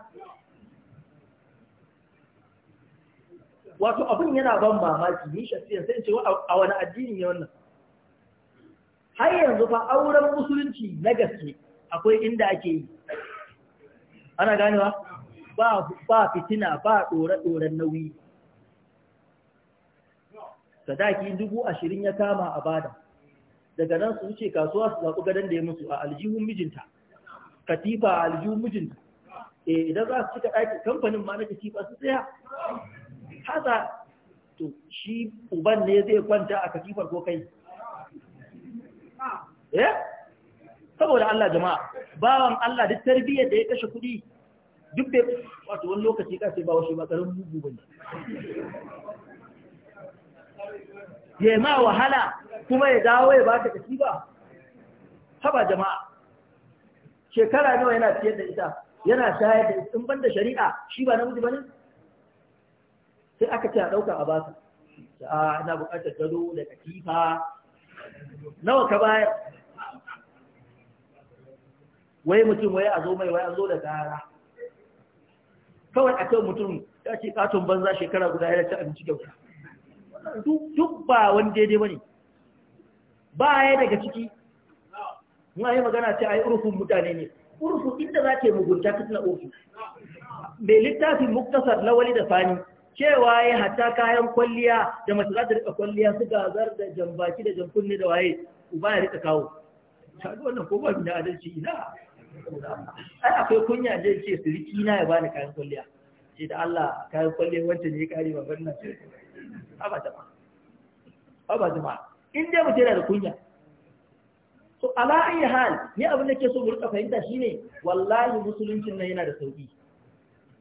S1: wato abin yana ban mamaki ni shafiyan sai ce a wani addini ne wannan har yanzu fa auren musulunci na gaske akwai inda ake yi ana ganewa ba ba fitina ba ɗore-ɗoren nauyi sadaki dubu ashirin ya kama a bada daga nan su wuce kasuwa su zaɓi gadon da ya musu a aljihun mijinta katifa a aljihun mijinta eh idan za su cika ɗaki kamfanin ma na katifa su tsaya haza to shi uban ne zai kwanta a katifar ko kai eh saboda Allah jama'a bawan Allah duk tarbiyyar da ya kashe kuɗi duk da wato wani lokaci ka sai ba washe ba karin mugu
S2: ya ma wahala kuma
S1: ya dawo ya ba ta katifa haba jama'a shekara nawa yana ciyar da ita yana shayar da ita in banda shari'a shi ba namiji bane sai aka ce a dauka a basu a ah, ina bukatar gado da katifa nawa ka bayar wai mutum wai a zo mai wai an zo da gara kawai a kan mutum ya ce katon banza shekara guda ya ci abinci kyauta duk ba wani daidai ba ne ba ya daga ciki muna yi magana ce a yi urufin mutane ne urufu inda za ke mugunta ta tuna urufu mai littafin muktasar lawali da fani cewa ya hatta kayan kwalliya da mace za ta rika kwalliya su gazar da jambaki da jamkunne da waye uba ya rika kawo shaɗu wannan ko ba mu da adalci ina ai akwai kunya da ce siriki na ya bani kayan kwalliya ce da Allah kayan kwalliya wancan ne ya kare ba wannan ba ba jama'a ba ba jama'a in dai mutum yana da kunya so ala ayi hal ni abin da ke so mu rika fahimta shine wallahi musuluncin na yana da sauki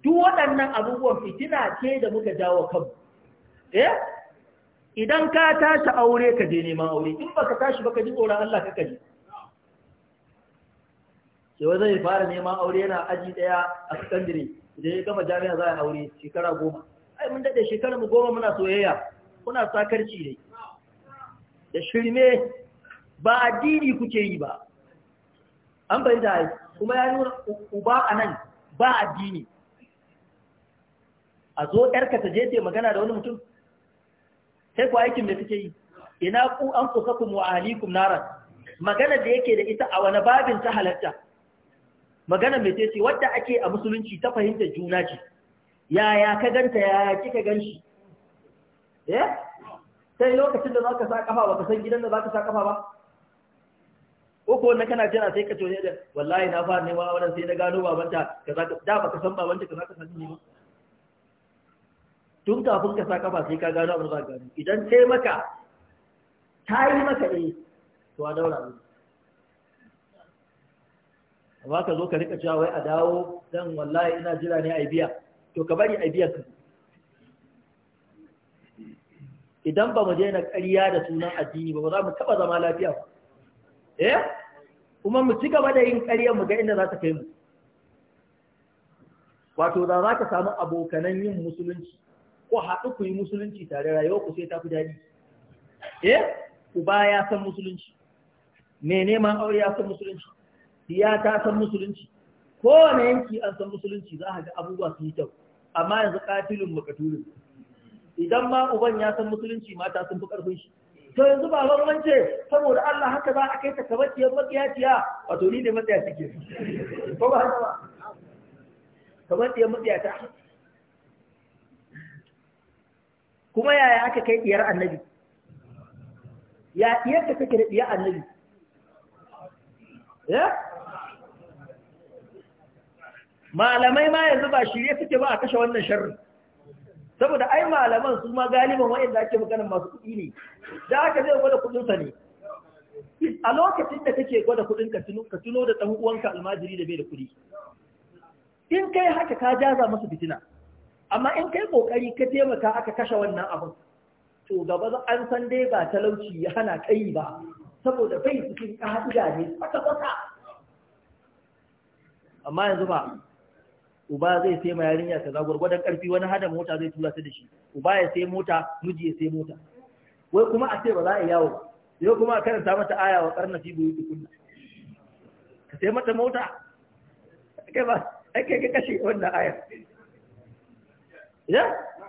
S1: duk waɗannan abubuwan fitina ce da muka jawo kan. eh idan ka tashi aure ka je neman aure in baka tashi baka ji tsoron Allah ka ke cewa zai fara neman aure yana aji daya a sakandare idan ya gama jami'a za a aure shekara goma ai mun daɗe shekara mu goma muna soyayya kuna sakarci ne da shirme ba addini kuke yi ba an fahimta kuma ya nuna uba a nan ba addini a zo yarka ta je ta magana da wani mutum sai ku aikin da suke yi ina ku an kusa ku alikum nara magana da yake da ita a wani babin ta halatta magana mai ce ce wadda ake a musulunci ta fahimta juna ce yaya ka ganta yaya kika ganshi eh sai lokacin da za ka sa kafa ka san gidan da za ka sa kafa ba ko ko wannan kana jira sai ka ce da wallahi na fara neman auren sai na gano babanta za ka da baka san babanta ka za ka sani ba tun kafin ka sa kafa sai ka gano abin da gano idan sai maka ta yi maka eh to a daura ne amma ka zo ka rika cewa wai a dawo dan wallahi ina jira ne a biya to ka bari a biya ka idan ba mu daina ƙarya da sunan addini ba ba za mu taɓa zama lafiya ba eh kuma mu ci gaba da yin ƙarya mu ga inda za ta kai mu wato da za ka samu abokanan yin musulunci ko haɗu ku yi musulunci tare rayuwa ku sai ta fi daɗi eh uba ya san musulunci mai neman aure ya san musulunci ya ta san musulunci Ko kowane yanki an san musulunci za a ga abubuwa su yi kyau amma yanzu katilin makatulin idan ma uban ya san musulunci mata sun fi ƙarfin shi to yanzu ba ban saboda Allah haka za a kai ta kabaciyar matsiyaciya wato ni ne matsiya suke ko ba haka ba kabaciyar matsiyata kuma yaya aka kai diyar annabi ya diyar ta take da diyar annabi ya malamai ma yanzu ba shirye suke ba a kashe wannan sharri saboda ai malaman su ma galiban wa'anda ake maganar masu kuɗi ne da aka zai gwada kuɗin sa ne a lokacin da kake gwada kuɗin ka tuno ka tuno da dan uwanka almajiri da bai da kuɗi in kai haka ka jaza masa fitina amma in kai kokari ka taimaka aka kashe wannan abin to gaba an san dai ba talauci ya hana kai ba saboda bai cikin da ne kwata-kwata amma yanzu ba uba zai sai ma yarinya zagor gwadan karfi wani hada mota zai tura ta da shi uba ya sai mota miji ya sai mota wai kuma a ce ba za a yawo yau kuma a karanta mata aya wa karna fi yi kunna ka sai mata mota kai ba ai kai ka kashe wannan aya. ya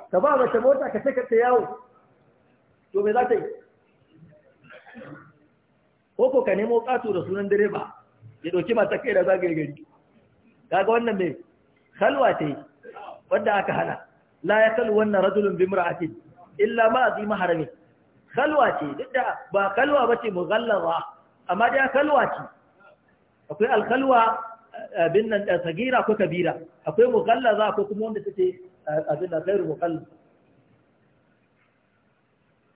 S1: ka ba mace mota ka ka ta yawo to me za ta yi ko ka nemo kato da sunan direba ya ɗauki mata kai da zagaye gari kaga wannan mai kalwa ta yi wadda aka hana la ya kalu wannan rajulun bi mura'atin illa ma zai maharami kalwa ce duk da ba kalwa ba ce mughallarwa amma dai kalwa ce akwai alkalwa bin nan eh, sagira ko kabira akwai za ko kuma wanda take eh, abin nan ghairu mughallar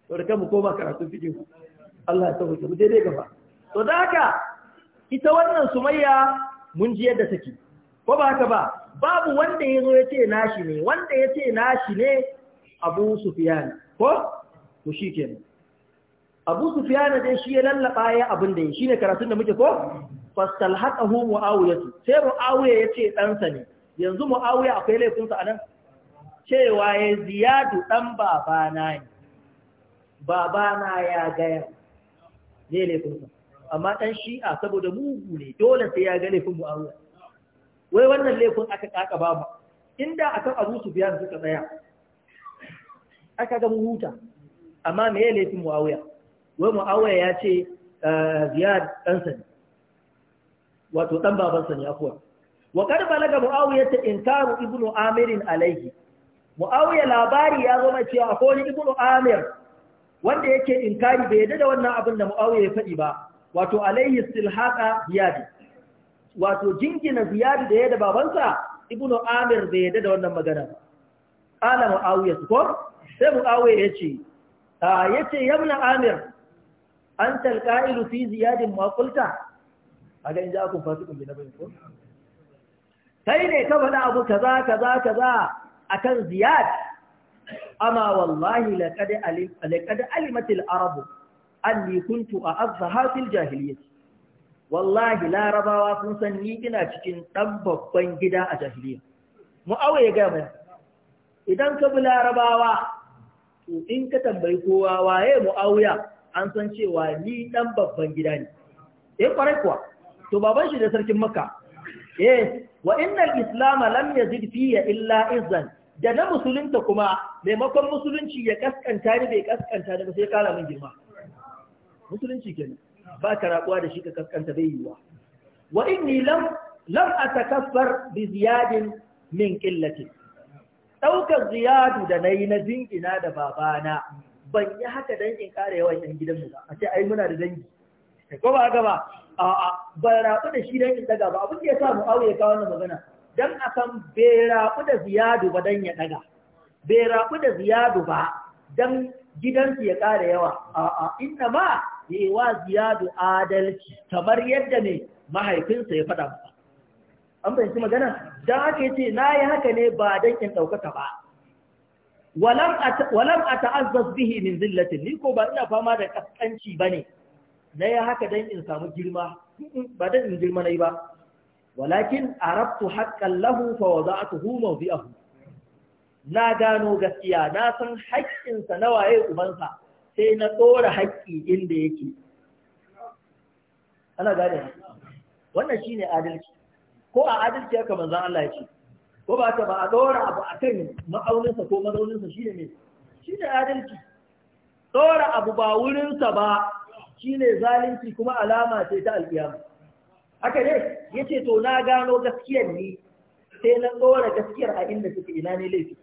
S1: to da mu koma karatun fijihu Allah ya sauke mu daidai gaba to da haka ita wannan sumayya mun ji yadda take ko ba haka ba babu wanda ya zo ya ce nashi ne wanda ya ce nashi ne abu sufiyani ko ku shi kenan abu sufiyani dai shi ya lallaba ya abin da ya shi ne karatun da muke ko fastalhaqahu muawiyatu sai ya ce ɗansa ne yanzu muawiya akwai laifinsa nan? cewa ya ziyadu ɗan babana ne babana ya gaya ne laifinsa amma ɗan shi'a saboda mugu ne dole sai ya ga laifin mu'awiyar wai wannan laifin aka kaka babu inda akan Abu Sufyan suka tsaya aka ga huta amma me ya laifin Muawiya wai Muawiya ya ce eh, Ziyad dan sani wato dan baban sani afwa wa karba laga Muawiya ta inkaru ibnu Amir alaihi Muawiya labari ya zo na cewa akwai ibnu Amir wanda yake inkari bai yadda da wannan abin da Muawiya ya faɗi ba wato alaihi silhaqa ziyadi wato jingina ziyadu da da babansa ibnu amir bai yarda da wannan magana ala muawiya ko sai muawiya yace a ce yamna amir anta alqa'ilu fi ziyadin makulta? qulta ga in akun ku fasikun na nabi ko kai ne ka faɗa abu kaza kaza kaza kan ziyad amma wallahi laqad alim alimatil arabu anni kuntu a'azzaha fil wallahi larabawa sun san ni ina cikin ɗan babban gida a jahiliya mu'awa ya mai idan ka bi larabawa to in ka tambayi kowa waye mu'awiya an san cewa ni ɗan babban gida ne eh kwarai kuwa to baban shi da sarkin makka eh wa innal islam lam yazid fiya illa izzan da na musulunta kuma maimakon musulunci ya kaskanta ni bai kaskanta ni ba sai kala min girma musulunci kenan ba ka rabuwa da shi ka kaskanta bai yiwa wa inni lam lam atakaffar bi ziyadin min qillati ɗaukar ziyadu da nayi na dingina da babana ban yi haka dan in kare yawan yan gidan mu ba a ce ai muna da dangi ko ba gaba a a rabu da shi dan in daga ba abin da ya sa mu auye ka wannan magana dan akan bai rabu da ziyadu ba dan ya daga bai rabu da ziyadu ba dan gidansu ya kare yawa a a inna ma yi wa ziyadu adalci kamar yadda ne mahaifinsa ya faɗa ba. an bayanci magana don haka yace na yi haka ne ba dan in ɗaukaka ba walam a ta'azzaz bihi min zillatin ni ko ba ina fama da kaskanci ba ne na yi haka don in samu girma ba don in girma na yi ba walakin arabtu haƙƙan lahu fa wa mawdi'ahu na gano gaskiya na san haƙƙinsa na waye ubansa sai na tsora haƙƙi inda yake ana gane wannan shine adalci ko a adalci aka manzan Allah ya ce ko ba ta ba a tsora abu a kan ma'auninsa ko mazauninsa shi ne mai shi ne adalci Tsora abu ba wurinsa ba shi ne zalunci kuma alama ce ta alƙiyama haka ne ya ce to na gano gaskiyar ni sai na tsora gaskiyar a inda suke ina ne laifi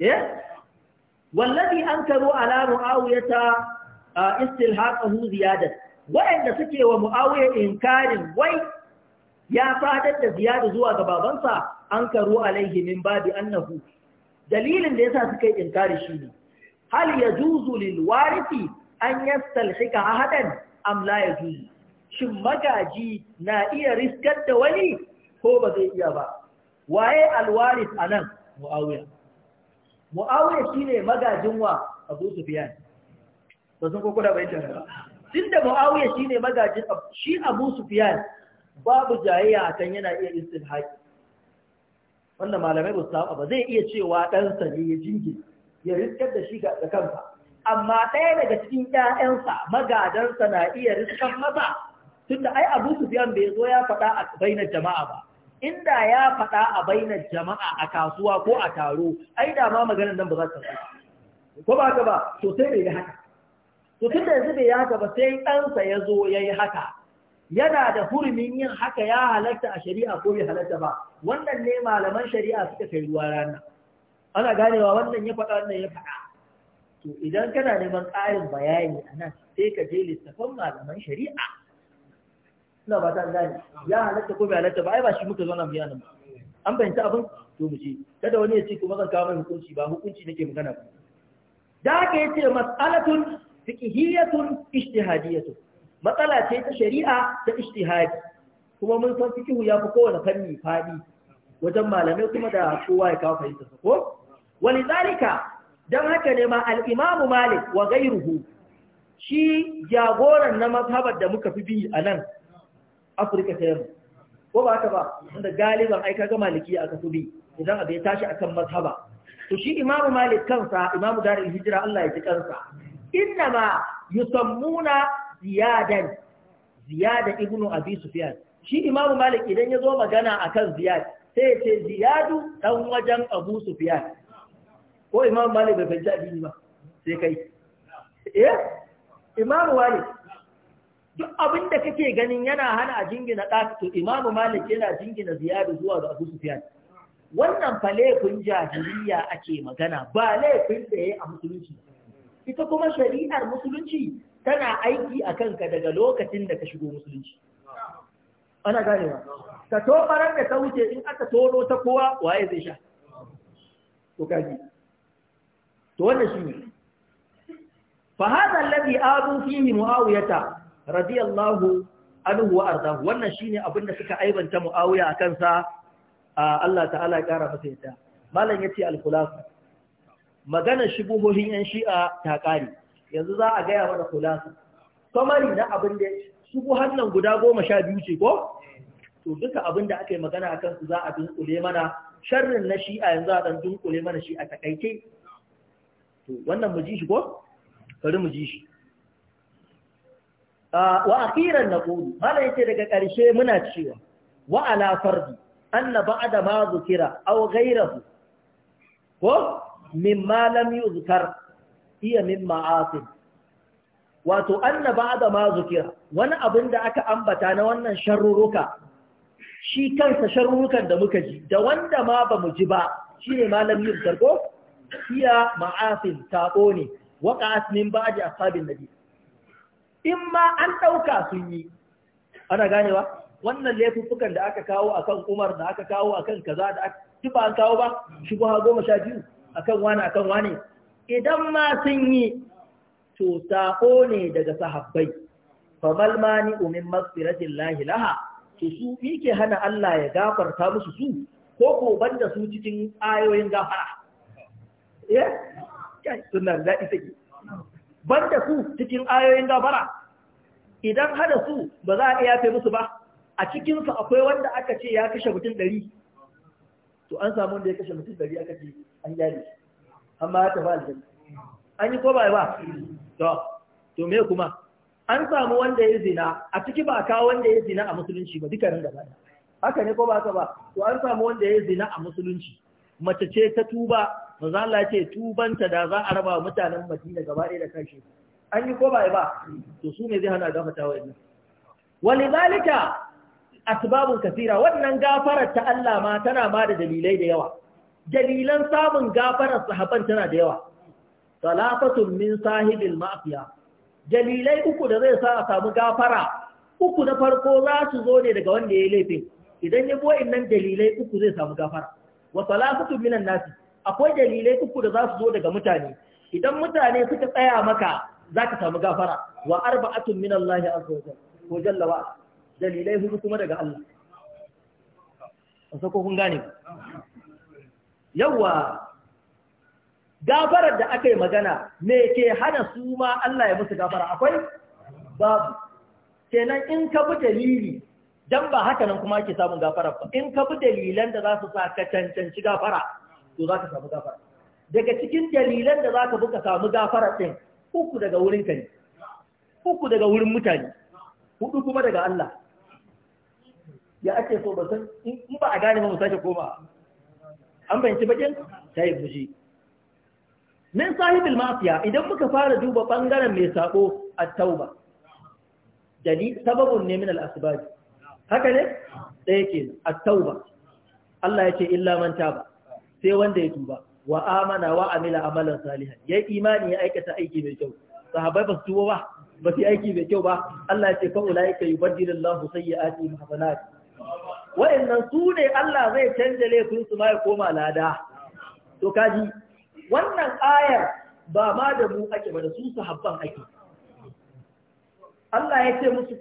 S1: eh wallazi ankaru ala muawiyata istilhaqahu ziyadat Waɗanda suke wa muawiya inkarin wai ya fadar da ziyada zuwa ga babansa an karu alaihi min babi annahu dalilin da yasa suka yi inkari shine hal yajuzu lil warithi an yastalhika ahadan am la yajuzu shin magaji na iya riskar da wani ko ba zai iya ba waye alwaris nan muawiya shi ne magajin wa abu sufiyan ba sun kokuna bai ba. Tunda da shi ne magajin shi abu sufiyan babu jayayya akan yana iya istilhaqi wannan malamai ba su saba ba zai iya cewa ɗansa ne ya jingina ya riskar da shi ga kansa amma ɗaya daga cikin ƴaƴansa magadansa na iya riskar masa tunda ai abu sufiyan bai zo ya faɗa a bainar jama'a ba inda ya faɗa a bainar jama'a a kasuwa ko a taro ai da ma maganar nan ba za ta faɗi ko ba ka ba to sai bai yi haka to tun da yanzu bai yi haka ba sai ɗansa ya zo ya yi haka yana da hurumin yin haka ya halatta a shari'a ko bai halatta ba wannan ne malaman shari'a suka kai ruwa rana ana ganewa wannan ya faɗa wannan ya faɗa to idan kana neman ƙarin bayani a nan sai ka je littafin malaman shari'a Suna ba ta gani ya halatta ko bai halatta ba ai ba shi muka zo nan biya nan ba an fahimta abin to mu je kada wani ya ce kuma zan kawo mai hukunci ba hukunci nake magana ba da haka ya ce mas'alatun fiqhiyatun ijtihadiyatun matsala ce ta shari'a ta ijtihadi kuma mun san fiqhu ya fi kowane fanni fadi wajen malamai kuma da kowa ya kawo fahimta ko walidhalika dan haka ne ma al-imam malik wa ghayruhu shi jagoran na mazhabar da muka fi bi a nan afirka ta yamma ko ba haka ba inda galiban ai kaga maliki kasu subi idan abu ya tashi akan mazhaba to shi imamu malik kansa imamu darul hijira Allah ya ji kansa ma yusammuna ziyadan ziyada ibnu abi sufyan shi imamu malik idan ya zo magana akan ziyad sai ya ce ziyadu dan wajen abu sufyan ko imamu malik bai fahimci addini ba sai kai eh imamu malik duk abin da kake ganin yana hana a jingina ɗa to imamu malik yana jingina ziyadu zuwa ga abu sufyan wannan fa laifin jahiliya ake magana ba laifin da yayi a musulunci ita kuma shari'ar musulunci tana aiki a kanka daga lokacin da ka shigo musulunci ana ganewa ka tobarar da ta wuce in aka tono ta kowa waye zai sha to kaji to wannan shine fa hadha alladhi adu fihi muawiyata radiyallahu anhu wa arda wannan shine abin da suka aibanta Muawiya akan sa Allah ta'ala ya kara masa yadda malam yace al-khulasa magana shubuhohin yan shi'a ta kare yanzu za a gaya mana khulasa summary na abin da shubuhan nan guda 12 ce ko to duka abin da aka magana akan su za a dunkule mana sharrin na shi'a yanzu a dan dunkule mana shi a takaice to wannan mu ji shi ko bari mu ji shi wa na naqulu malai yace daga ƙarshe muna cewa wa ala fardi anna ba'da ma zukira aw ghayrahu ko min mimma lam yuzkar iya min ma'afin? wato anna da ma zukira wani abin da aka ambata na wannan sharruruka shi kansa sharrurukan da muka ji da wanda ma ba mu ji ba shine malam yuzkar ko iya ma'afin taɓo ne ba min ba'di ashabin nabi in ma an ɗauka sun yi ana ganewa wannan laifuffukan da aka kawo a kan umar da aka kawo a kan kaza da aka tufa an kawo ba shi ha goma sha biyu A kan wani kan wani idan ma sun yi to sako ne daga sahabbai fa malmani umin masfiratin lahi laha to su yake hana Allah ya gafarta musu su ko ko banda su cikin ayoyin gafara eh kai sunan da ita ke banda su cikin ayoyin gabara idan hada su ba za a yafe musu ba a cikinsu akwai wanda aka ce ya kashe mutum ɗari to an samu wanda ya kashe mutum ɗari aka ce an an amma ya tafi aljanna an yi ko ba ba to to me kuma an samu wanda ya zina a ciki ba kawo wanda ya zina a musulunci ba dukkanin gaba haka ne ko ba ka ba to an samu wanda ya zina a musulunci mace ce ta tuba manzo Allah ya ce tubanta da za a raba mutanen Madina gaba ɗaya da kanshi an yi ko ba ba to su ne zai hana gafata wa yanzu. walidhalika asbabun kathira wannan gafarar ta Allah ma tana ma da dalilai da yawa dalilan samun gafarar sahaban tana da yawa salafatun min sahibil mafiya dalilai uku da zai sa a samu gafara uku na farko za su zo ne daga wanda ya yi laifin idan ya bo'in nan dalilai uku zai samu gafara wa salafatun minan nasi akwai dalilai uku da za su zo daga mutane idan mutane suka tsaya maka za ka samu gafara wa arba'atun min Allah azza wajal ko jalla wa dalilai huɗu kuma daga Allah sai ko kun gane yawa gafarar da aka yi magana me ke hana su ma Allah ya musu gafara akwai babu kenan in ka bi dalili dan ba haka nan kuma ake samun gafara ba in ka bi dalilan da za su sa ka cancanci gafara to za ka samu gafara daga cikin dalilan da za ka buka samu gafara ɗin uku daga wurin kani ne uku daga wurin mutane hudu kuma daga Allah ya ake so ba san in ba a gane ba mu sake koma an bayanci bakin ta yi fushi min sahibul mafiya idan muka fara duba bangaren mai sako at tauba dalil sababun ne min al asbab haka ne da yake at tauba Allah ya ce illa man taba sai wanda ya tuba wa amana wa amila amalan salihan yayi imani ya aikata aiki mai kyau sahabbai ba su tuba ba ba su aiki mai kyau ba Allah ya ce fa ulaika yubaddilu Allahu sayyi'atihim hasanat wa'annan su ne Allah zai canza laifin su ma ya koma lada to kaji wannan ayar ba ma da mu ake ba da su sahabban ake Allah ya ce musu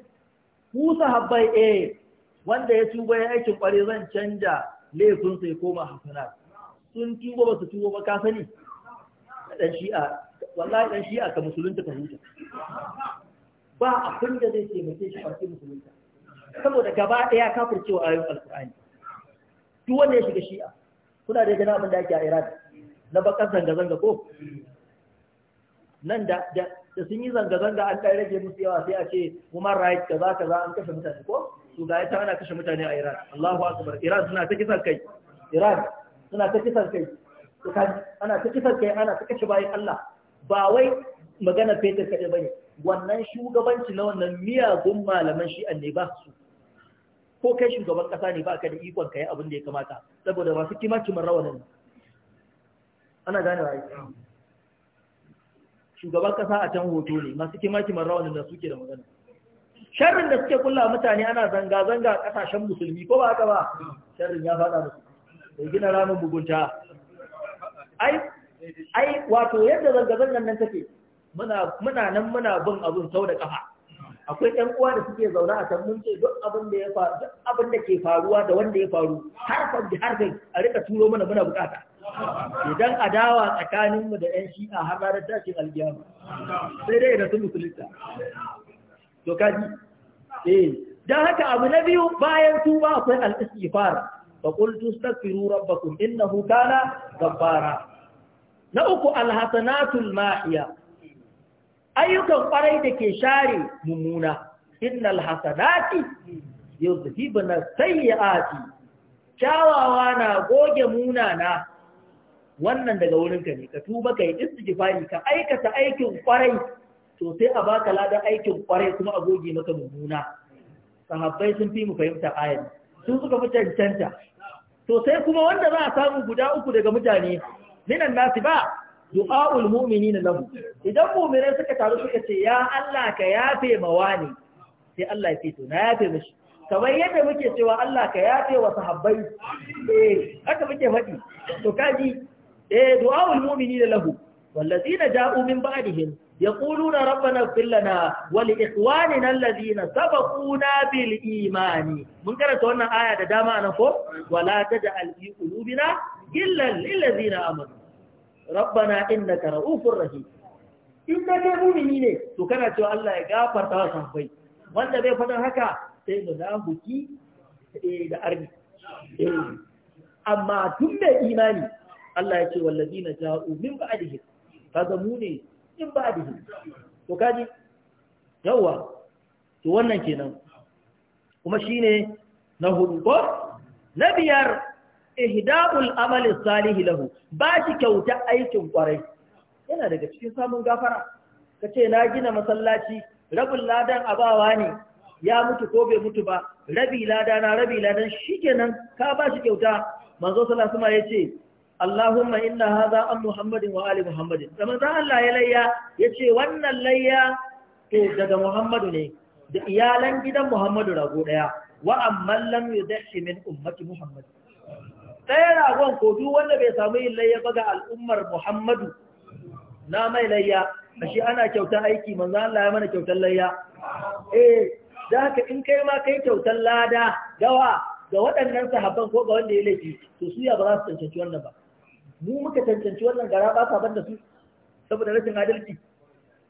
S1: ku sahabbai eh wanda ya tuba ya aikin kware zan canja laifin ya koma hasanat sun tuba ba su tuba ba ka sani dan shi'a wallahi dan shi'a ka musulunta ka huta ba abin da zai taimake shi farki musulunta saboda gaba daya kafircewa ayoyin alkur'ani duk wanda ya shiga shi'a kuna da gana abin da ake a Iran na bakar zanga-zanga ko nan da sun yi zanga-zanga an kai rage musu yawa sai a ce human rights kaza kaza an kashe mutane ko su ga ita ana kashe mutane a Iran Allahu akbar Iran suna ta kisan kai Iran suna ta kisar kai ana ta kisan kai ana ta kashe bayan Allah ba wai magana fetur kaɗai ba ne wannan shugabanci na wannan miyagun malaman shi ne ba su ko kai shugaban ƙasa ne ba ka da ikon ka yi abin da ya kamata saboda masu kimakimin ne. ana gane wa shugaban ƙasa a can hoto ne masu kimakimin rawanin da suke da magana sharrin da suke kulla mutane ana zanga-zanga ƙasashen musulmi ko ba haka ba sharrin ya faɗa musu ya gina ramin mugunta ai ai wato yadda zanga-zangan nan take muna muna nan muna bin abin sau da kafa akwai ƴan uwa da suke zaune a can mun ce duk abin da ya faru duk abin da ke faruwa da wanda ya faru har harfan da kai a rika turo mana muna bukata idan adawa tsakaninmu da ƴan shi'a har ranar tashin alkiyama sai dai da sun musulunta to
S2: kaji eh
S1: dan haka abu na biyu bayan tuba akwai al-istighfar fa qultu astaghfiru rabbakum innahu na ghaffara na Na uku alhasanatul mahiya ayyukan kwarai da ke share mummuna innal hasanati yuzhibna sayyiati kyawawa na goge munana wannan daga wurinka ne ka tuba kayi yi istighfari ka aikata aikin kwarai sosai a baka ladan aikin kwarai kuma a goge maka mummuna sahabbai sun fi mu fahimtar ayan sun suka fi cancanta to sai kuma wanda za a samu guda uku daga mutane minan nasi ba du'a'ul mu'minina lahu idan mu'minai suka taru suka ce ya Allah ka yafe mawa ne sai Allah ya to na yafe mishi kamar yadda muke cewa Allah ka yafe wa sahabbai eh haka muke faɗi to kaji eh du'a'ul mu'minina lahu wallazina ja'u min ba'dihim يقولون ربنا اغفر لنا ولإخواننا الذين سبقونا بالإيمان من كانت هنا آية داما نفو ولا تجعل في قلوبنا إلا للذين آمنوا ربنا إنك رؤوف رحيم إنك مؤمنين تكنا تو الله يغفر توسن في wanda bai faɗin haka sai mu na huki da arni amma tun da imani Allah ya ce wallazina ja'u min ba'dihim kaga mu ne a ba'dihi to kaji yawa to wannan kenan kuma shine na hudu ko na biyar ihda'ul amalin salih lahu ba shi kyauta aikin kwarai yana daga cikin samun gafara kace na gina masallaci rabin ladan abawa ne ya mutu ko bai mutu ba rabi lada na rabi ladan shikenan ka ba shi kyauta manzo sallallahu alaihi wasallam yace Allahumma inna haza an Muhammadin wa ali Muhammadin da manzon Allah ya layya yace wannan layya to daga Muhammadu ne da iyalan gidan Muhammadu rago daya wa amman lam yudhi min ummati Muhammad ɗaya ragon ko duk wanda bai samu yin layya ba ga al'ummar Muhammadu na mai layya Ashe ana kyauta aiki manzo Allah ya mana kyautar layya eh da haka in kai ma kai kyautar lada gawa ga waɗannan sahabban ko ga wanda ya laifi to suya ba za su cancanci wannan ba mu muka cancanci wannan gara ba sa banda su saboda rashin adalci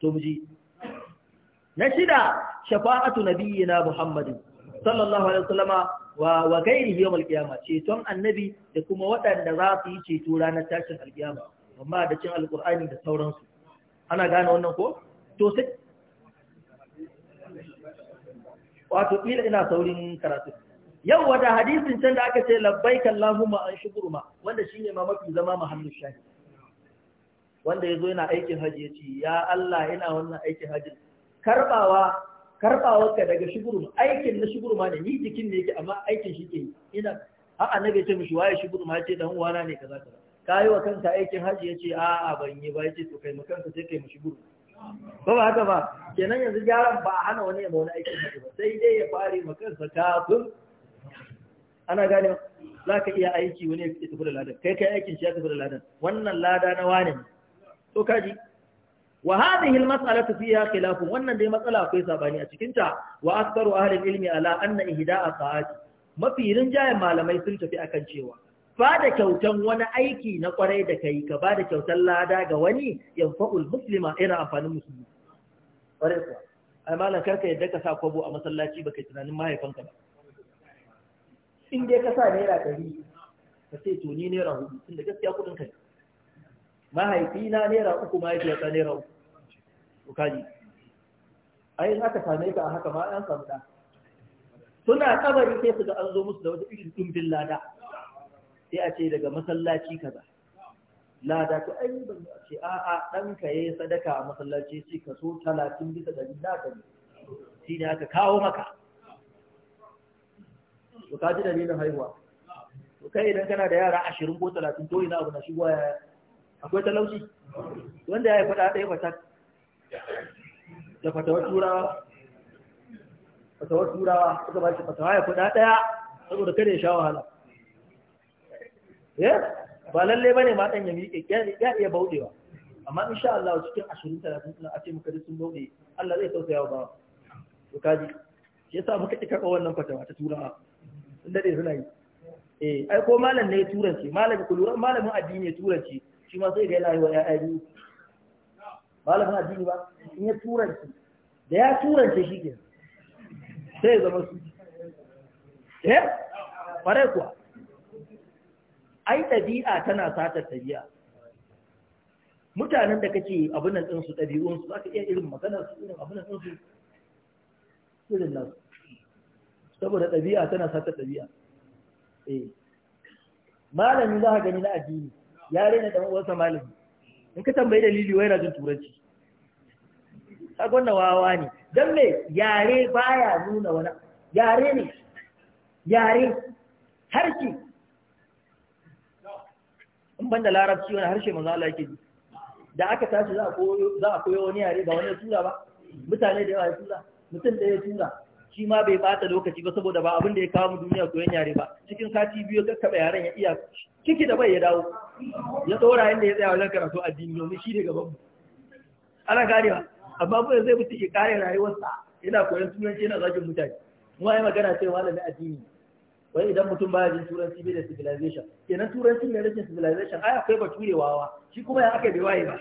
S1: to mu ji na shida shafa'atu nabiyyina muhammadin sallallahu alaihi wasallama wa wa gairi yawm al-qiyamah ceton annabi da kuma waɗanda za su yi ceto ranar tashin alqiyama amma da cin alqur'ani da sauransu ana gane wannan ko to sai wato ila ina saurin karatu yau wata hadisin can da aka ce kallahu ma an ma wanda shine ma mafi zama muhammad shahi wanda ya zo yana aikin haji ce ya Allah ina wannan aikin haji karbawa ka daga ma aikin na ma ne ni jikin ne yake amma aikin shi ke ina a annabi ya ce mishi waye ma ce dan uwana ne kaza kaza kayi wa kanka aikin haji yace a'a ban yi ba yace to kai kanka sai kai mu gurma ba ba haka ba kenan yanzu gyaran ba a hana wani ya wani aikin haji ba sai dai ya fare makansa kafin ana gane za ka iya aiki wani ya tafi da ladan kai kai aikin shi ya tafi da ladan wannan lada na wane ne to kaji wa hadhihi almas'alatu fiha khilaf wannan dai matsala akwai sabani a cikin ta wa aktharu ahli ilmi ala anna ihda'a sa'ati Mafirin rinjayen malamai sun tafi akan cewa ba da kyautan wani aiki na kwarai da kai ka ba da kyautan lada ga wani yanfa'ul muslima ina amfanin musulmi kwarai kuwa ai malam karka yadda ka sa kwabo a masallaci baka tunanin mahaifanka ba in dai ka sa naira ɗari ka ce to ni naira hudu tun da gaskiya kuɗin ka mahaifi mahaifina naira uku mahaifiyarsa naira uku to kaji ai in aka same ka a haka ma an samu suna kabari sai su ga an zo musu da wata irin dimbin lada sai a ce daga masallaci kaza lada to ai ban ce a a ɗanka ka yi sadaka a masallaci sai kaso talatin bisa ɗari da ka ne shi ne aka kawo maka to ka ji dalilin haihuwa to kai idan kana da yara ashirin ko talatin to ina abu na shigo ya akwai talauci wanda ya haifa ɗaya fata da fatawar turawa fatawar turawa suka ba shi fatawa ya fada ɗaya saboda kada ya sha wahala eh? ba lalle ba ne ma ɗan ya miƙe ya iya bauɗewa amma in sha Allah cikin ashirin talatin suna a ce muka sun bauɗe Allah zai tausaya wa bawa to kaji shi yasa muka ƙi karɓa wannan fatawa ta turawa dade suna yi eh ai ko malam ne turanci malami ku malamin addini ya turanci shi ma sai ga yana yi wa ya'ya biyu malamin addini ba in ya turanci da ya turanci shi ke sai zama su eh fare kuwa ai ɗabi'a tana satar ɗabi'a mutanen da kake abin nan ɗinsu ɗabi'unsu za ka iya irin maganar su irin abin nan ɗinsu irin nasu saboda ɗabi'a tana sata ɗabi'a eh. malami za ka gani na addini ya rena da uwansa malami in ka tambayi dalili wai na jin turanci kaga na wawa ne Don me yare baya nuna wani yare ne yare harshe in banda larabci wani harshe manzo Allah yake da aka tashi za a koyo wani yare ba wani ya tura ba mutane da yawa ya tura mutum da ya tura shi ma bai bata lokaci ba saboda ba abin da ya kawo mu duniya koyon yare ba cikin sati biyu ka kaba yaren ya iya Kiki da bai ya dawo ya tsora inda ya tsaya wajen karatu addini domin shi ne gaban mu ana ba amma ba zai mutu ke kare rayuwarsa yana koyon turanci yana zagin mutane mu ai magana cewa malamin addini wai idan mutum baya jin turanci bai da civilization kenan turanci ne rashin civilization ai akwai bature wawa shi kuma ya aka bai waye ba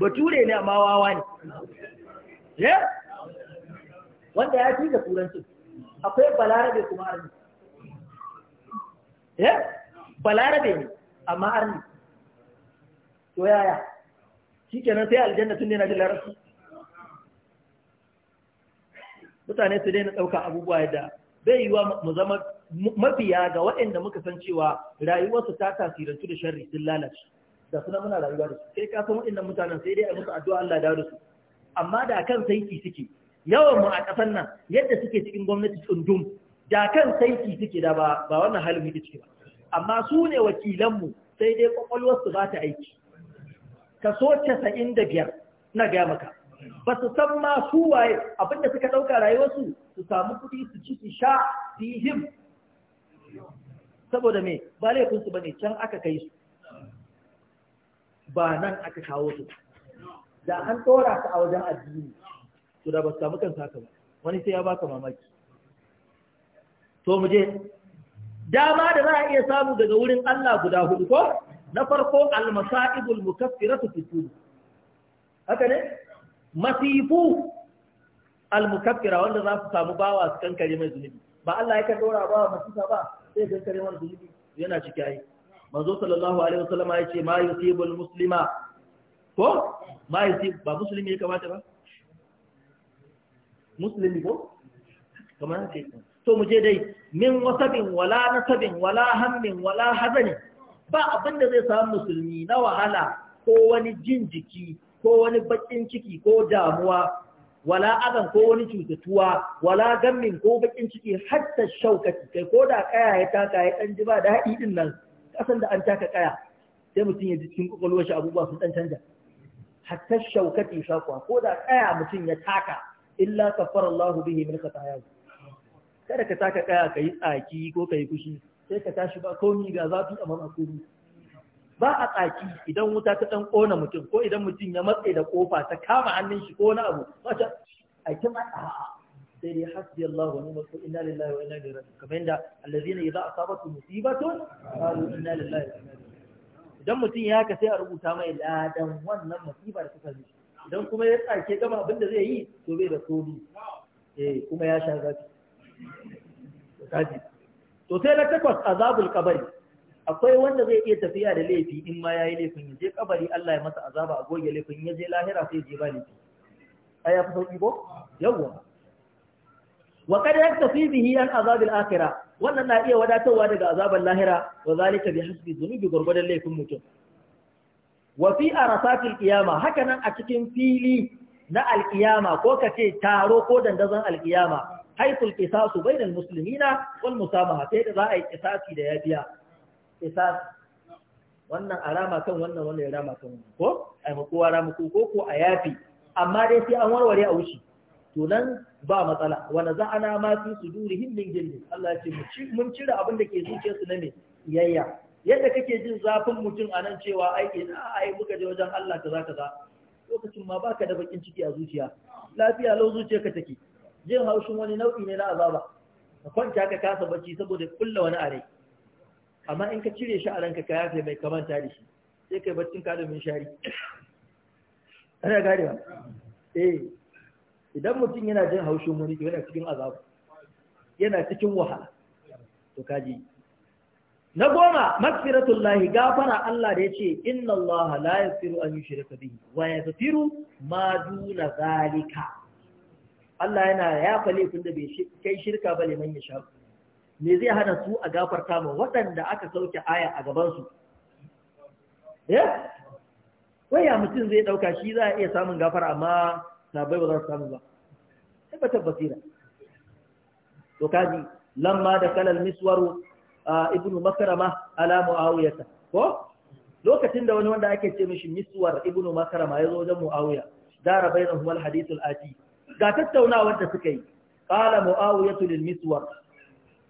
S1: bature ne amma wawa ne yeah wanda ya fi da turancin akwai balarabe kuma arni eh balarabe ne amma arni to yaya shikenan sai aljanna tun ne na jin mutane su daina ɗauka abubuwa yadda bai yi wa zama mafiya ga waɗanda muka san cewa rayuwarsu ta tasirantu da sharri sun lalace da suna muna rayuwa da su sai kasan waɗannan mutanen sai dai a musu addu'a Allah da su amma da kan saiki suke yawan mu a ƙasar nan yadda suke cikin gwamnati tsundum da kan saiti suke da ba ba wannan halin muke ciki ba amma su ne wakilanmu sai dai su ba ta aiki kaso casa'in da biyar na gaya maka ba su san ma su waye abinda suka ɗauka rayuwarsu su samu kuɗi su ci su sha su saboda me ba laifinsu ba ne can aka kai su ba nan aka kawo su da an tora su a wajen addini to da ba samu kan saka ba wani sai ya baka mamaki to mu je dama da za a iya samu daga wurin Allah guda hudu ko na farko al-masa'ibul mukaffiratu fi kulli haka ne masifu al-mukaffira wanda za su samu bawa su kankare mai zunubi ba Allah ya kan dora bawa masifa ba sai kankare mai zunubi yana ciki ai manzo sallallahu alaihi wasallam ya ce ma yusibul muslima ko ma yusib ba muslimi ya kamata ba musulmi ko kamar haka yake to mu je dai min wasabin wala nasabin wala hammin wala hazanin ba abin da zai samu musulmi na wahala ko wani jin jiki ko wani bakin ciki ko damuwa wala adan ko wani cutatuwa wala gammin ko bakin ciki hatta shaukati kai ko da kaya ya taka ya dan ji ba daɗi din nan ƙasan da an taka kaya sai mutum ya ji cikin kokolwar shi abubuwa sun ɗan canja hatta shaukati shakwa ko da kaya mutum ya taka illa kafara Allah bihi min khatayahu kada ka taka kaya kai tsaki ko kai kushi sai ka tashi ba komi ga zafi a mamakuri ba a tsaki idan wuta ta dan kona mutum ko idan mutum ya matse da kofa ta kama hannun shi ko na abu ba ta a kima sai dai hasbi Allah wa ni'mal wakil inna lillahi wa inna ilaihi raji'un kamar yadda allazina idza asabatu musibatun qalu inna lillahi wa inna ilaihi idan mutum ya haka sai a rubuta mai ladan wannan musibar da kuka yi don kuma ya tsake gama abin da zai yi to bai da komi eh kuma ya sha zafi zafi to sai na takwas azabul kabari akwai wanda zai iya tafiya da laifi in ma yayi laifin ya je kabari Allah ya masa azaba a goge laifin ya je lahira sai je ba laifi ai ya fi sauki ko yawa wa kad yaktafi bihi an al akhirah wannan na iya wadatarwa daga azabar lahira wa zalika bi hasbi dhunubi gurgudan laifin mutum wa fi arasatil qiyama haka nan a cikin fili na alqiyama ko kace taro ko dandazon alqiyama bai qisasu bainal muslimina wal musamaha sai da za a yi qisasi da yafiya qisas wannan arama kan wannan wannan ya rama kan wannan ko ai mu kowa rama ko ko a yafi amma dai sai an warware a wuce to nan ba matsala za ana ma fi sudurihim min jildi Allah ya ce mun cire abin da ke zuciyarsu na me iyayya yadda kake jin zafin mutum a nan cewa aiki na ai muka je wajen Allah kaza kaza lokacin ma baka da bakin ciki a zuciya lafiya lau ka take jin haushin wani nau'i ne na azaba ka kwanta ka kasa bacci saboda kulla wani are amma in ka cire shi a ranka ka yafe mai kamanta da shi sai kai baccin ka domin shari ana gane ba eh idan mutum yana jin haushin wani yana cikin azaba yana cikin wahala to kaji na goma magfiratullahi gafara Allah da ya ce, inna Allah la yaghfiru an yushrika bihi wa yaghfiru ma duna zalika Allah yana yafa laifin da bai kai shirka ba liman ya sha me zai hana su a gafarta ma waɗanda aka sauke aya a gaban su eh waya mutum zai dauka shi za a iya samun gafara amma sabai ba za su samu ba tabbatar basira to kaji lamma da kalal miswaru ibnu makarama ala muawiyata ko lokacin da wani wanda ake ce mishi miswar ibnu makarama ya zo wajen muawiya dara bainahum al hadith al ati ga tattaunawar da suka yi qala muawiyatu lil miswar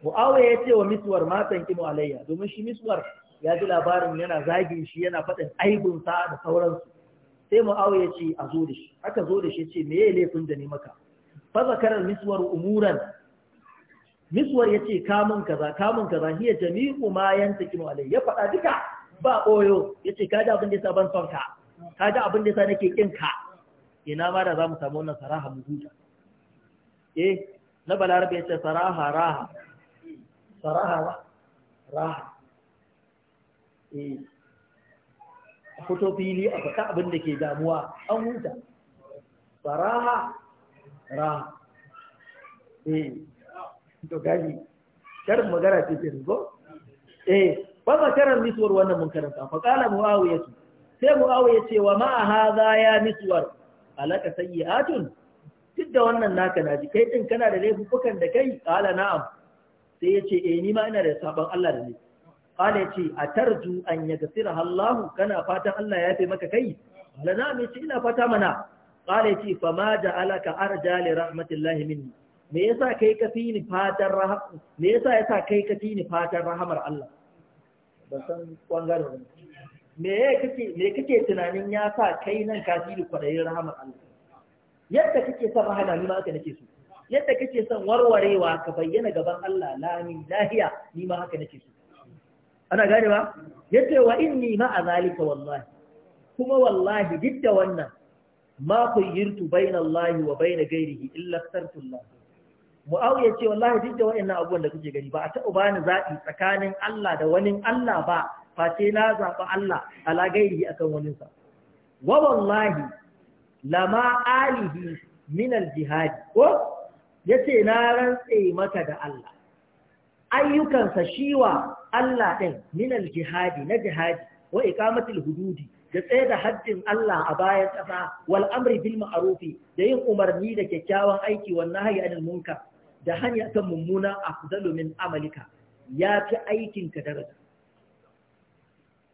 S1: muawiya ya ce wa miswar ma tankimu alayya domin shi miswar ya ji labarin yana zagin shi yana faɗin aibun sa da sauransu sai muawiya ce a zo da shi aka zo da shi ce me yayi laifin da ni maka fa zakara miswar umuran miswar ya ce kamun kaza kamun kaza hiya jami'u ma yantakinu alai ya faɗa duka ba oyo ya ce kaji abin da ya sa ban son ka kaji abin da ya sa nake kin ka ina ma da za mu samu wannan saraha mu huta eh na balarabe ya ce saraha raha saraha wa raha eh a fito fili a faɗa abin da ke damuwa an huta saraha raha eh to gaji karin magana ce ce ko eh ba ma karan misuwar wannan mun karanta fa qala muawiya sai muawiya ce wa ma hadha ya misuwar alaka sayyi'atun duk da wannan naka naji kai din kana da laifukan da kai Ƙala na'am sai yace eh ni ma ina da sabon Allah da ni ce, yace atarju an gasira, Allah kana fatan Allah ya yafe maka kai Ƙala na'am yace ina fata mana ya yace fa ma ja'alaka arja li rahmatillahi minni me yasa kai ka fi ni fatan rahama me yasa yasa kai ka fi ni fatan rahamar Allah ban san kwangaren me kake me kake tunanin ya sa kai nan ka fi ni kwadayin rahamar Allah yadda kake son rahama ni ma haka nake so yadda kake son warwarewa ka bayyana gaban Allah lami lahiya ni ma haka nake so ana gane ba yace wa inni ma azalika wallahi kuma wallahi duk da wannan ma kuyirtu bainallahi wa bain ghairihi illa ikhtartu mu'awiya ce wallahi duk da wa'annan abubuwan da kuke gani ba a taɓa bani zaɓi tsakanin Allah da wani Allah ba face na zaɓi Allah ala gairi akan wani sa wa wallahi lama alihi min al-jihad ko yace na rantse maka da Allah ayyukansa shiwa Allah ɗin min al-jihad na jihadi wa iqamatul hududi da tsaye da haddin Allah a bayan ƙasa wal amri bil ma'rufi da yin umarni da kyakkyawan aiki wa nahyi anil munkar da hanya ta mummuna a afdalu min amalika ya fi aikin ka daraja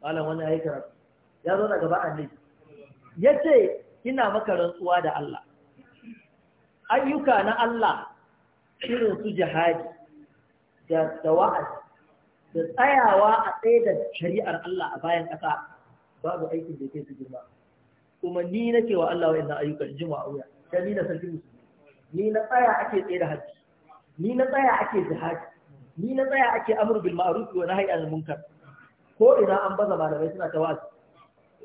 S1: malam wani ya karatu ya zo na gaba annabi ya ce ina maka rantsuwa da Allah ayyuka na Allah irin su jihadi da wa'azi da tsayawa a tsaye da shari'ar Allah a bayan ƙasa babu aikin da ke su girma kuma ni nake wa Allah wa'annan ayyukan jima'a wuya ta ni na sarki musu ni na tsaya ake tsaye da hajji ni na tsaya ake jihadi ni na tsaya ake amur bil ma'ruf wa nahy anil munkar ko ina an baza malamai suna ta wasu.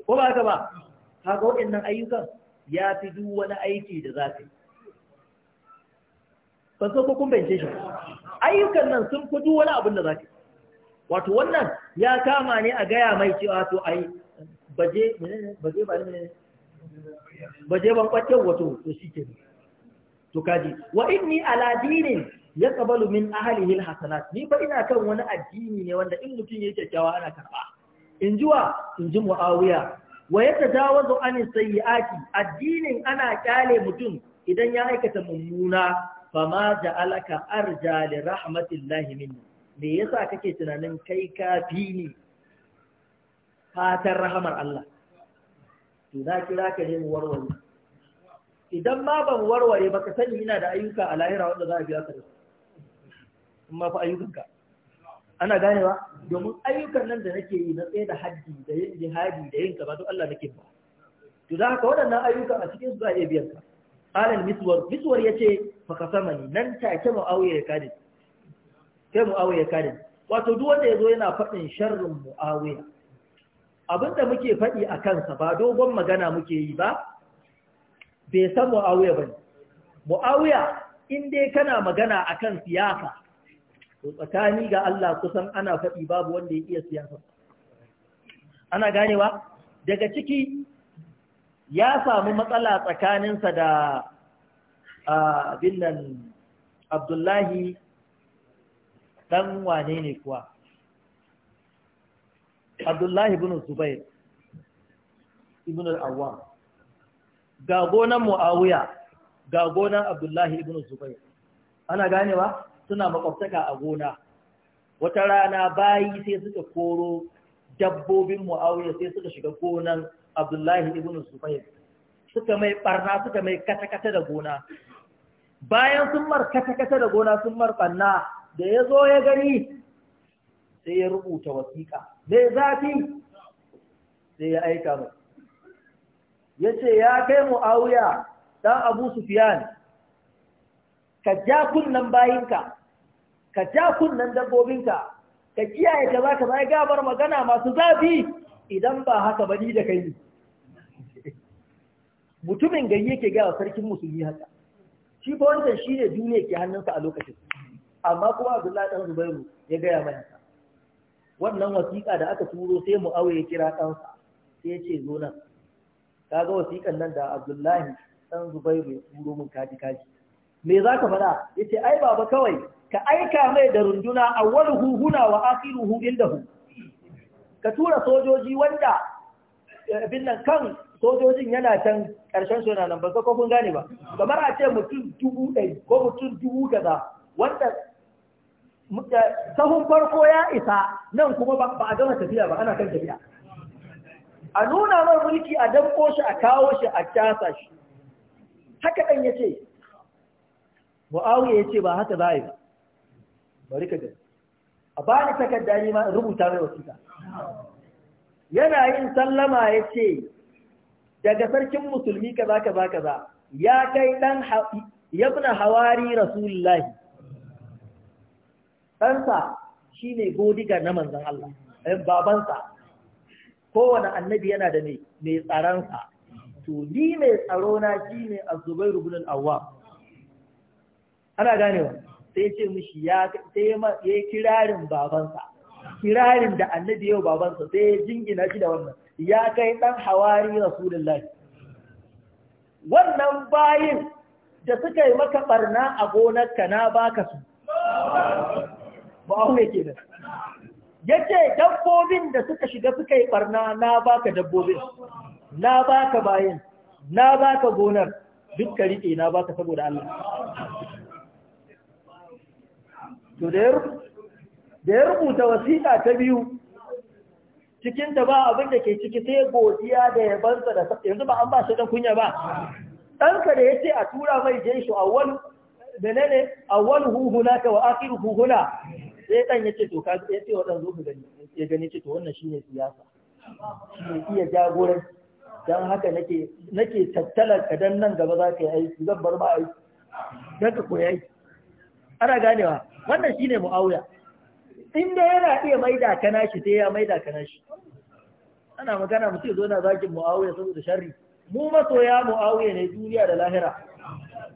S1: ko ba ka ba kaga wadannan ayyukan ya fi duk wani aiki da za ka yi ban so ko kun bance shi ayyukan nan sun fi duk wani abin da za ka yi wato wannan ya kama ne a gaya mai cewa to ai baje baje ba ne baje ban kwace to to shi ke to kaji wa inni ala dinin ya qabalu min ahlihi hasanat ni fa ina kan wani addini ne wanda in mutum yake kyakkyawa ana karba in jiwa in ji muawiya wa yatajawazu an sayyiati addinin ana kyale mutum idan ya aikata mummuna fama ja'alaka arja li rahmatillahi minni me yasa kake tunanin kai kafi ne fatan rahamar Allah to na kira ka ne mu warware idan ma ban warware ba ka sani ina da ayyuka a lahira wanda za a biya ka da su mafi ayyukanka ana ganewa domin ayyukan nan da nake yi na tsaye da hajji da yin jihadi da yin gaba to Allah nake ba to za haka waɗannan ayyukan a cikin su za a iya biyan ka alal miswar miswar yace fa kasamani nan take muawiya ya kade sai muawiya ya kade wato duk wanda yazo yana faɗin sharrin muawiya abinda muke faɗi a kansa ba dogon magana muke yi ba bai san muawiya bane muawiya in dai kana magana akan siyasa to tsakani ga Allah kusan ana faɗi babu wanda ya iya siyasa ana ganewa daga ciki ya samu matsala tsakaninsa da abin nan abdullahi ɗan wane ne kuwa abdullahi bin zubair ibn al'awwam ga gonan mu'awiya ga gonan abdullahi ibn zubair ana ganewa suna makwabtaka a gona wata rana bayi sai suka koro dabbobin mu'awiya sai suka shiga gonan abdullahi ibn sufayr suka mai barna suka mai kata da gona bayan sun mar kata-kata da gona sun mar barna da ya zo ya gani sai ya rubuta wasiƙa mai zafi sai ya aika mai ya ce ya kai mu'awiya ɗan abu Sufyan, ka ja kunnan bayinka ka ja kunnan dabbobinka ka kiyaye ka zaka ka gabar magana masu zafi idan ba haka ba ni da kai mutumin gari yake gaya sarkin musulmi haka shi ba wancan shi ne duniya ke hannunsa a lokacin amma kuma abdullahi ɗan zubairu ya gaya mana wannan wasiƙa da aka turo sai mu awe ya kira sa sai ya ce zo nan kaga wasiƙan nan da abdullahi ɗan zubairu ya turo mun kaji kaji me zaka ka faɗa ya ce ai baba kawai ka aika mai da runduna a wani huhuna wa da indahu ka tura sojoji wanda eh, abin nan kan sojojin yana can ƙarshen suna nan ba ko kun gane ba kamar a ce mutum dubu ɗai ko mutum dubu gaza wanda eh, sahun farko ya isa nan kuma ba a gama tafiya ba ana kan tafiya a nuna mai mulki a damko shi a kawo shi a casa shi haka ɗan ya ce mu'awiyya ya ce ba haka za a yi ba bari ka gani a ba ni takarda ni ma rubuta mai wasiƙa yana yin sallama ya ce daga sarkin musulmi kaza kaza kaza ya kai ɗan yabna hawari rasulullahi ɗansa shi ne godiga na manzan Allah ɗan babansa kowane annabi yana da mai tsaransa to ni mai tsarona ne a zubairu gudun awa ana ganewa sai ce mishi ya yi kirarin babansa kirarin da annabi yau babansa sai ya jingina shi da wannan ya kai ɗan hawari rasulullahi wannan bayin da suka yi maka ɓarna a gonarka na baka su ba a hune da ya ce dabbobin da suka shiga suka yi ɓarna na baka dabbobin na baka bayin na baka gonar duk ka riƙe na baka saboda Allah to da ya rubuta wasiƙa ta biyu cikinta ba abin da ke ciki sai godiya da yabansa da yanzu ba an ba shi ɗan kunya ba ɗanka da ya ce a tura mai je shi wani menene wani huhuna ta wa akhir huhuna sai dan ya ce to ka ya ce waɗan zo gani ya gani ce to wannan shine siyasa shine iya jagoranci dan haka nake nake tattalar ka nan gaba za ka yi aiki zan bar ma aiki dan ka koyi aiki ana ganewa wannan shine mu'awiya inda yana iya maida kana shi sai ya maida kana shi ana magana mutum zo na zakin mu'awiya saboda sharri mu masoya mu'awiya ne duniya da lahira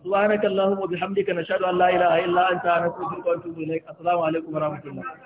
S1: subhanakallahumma bihamdika nashhadu an la ilaha illa anta nastaghfiruka wa natubu ilaik assalamu alaikum wa rahmatullah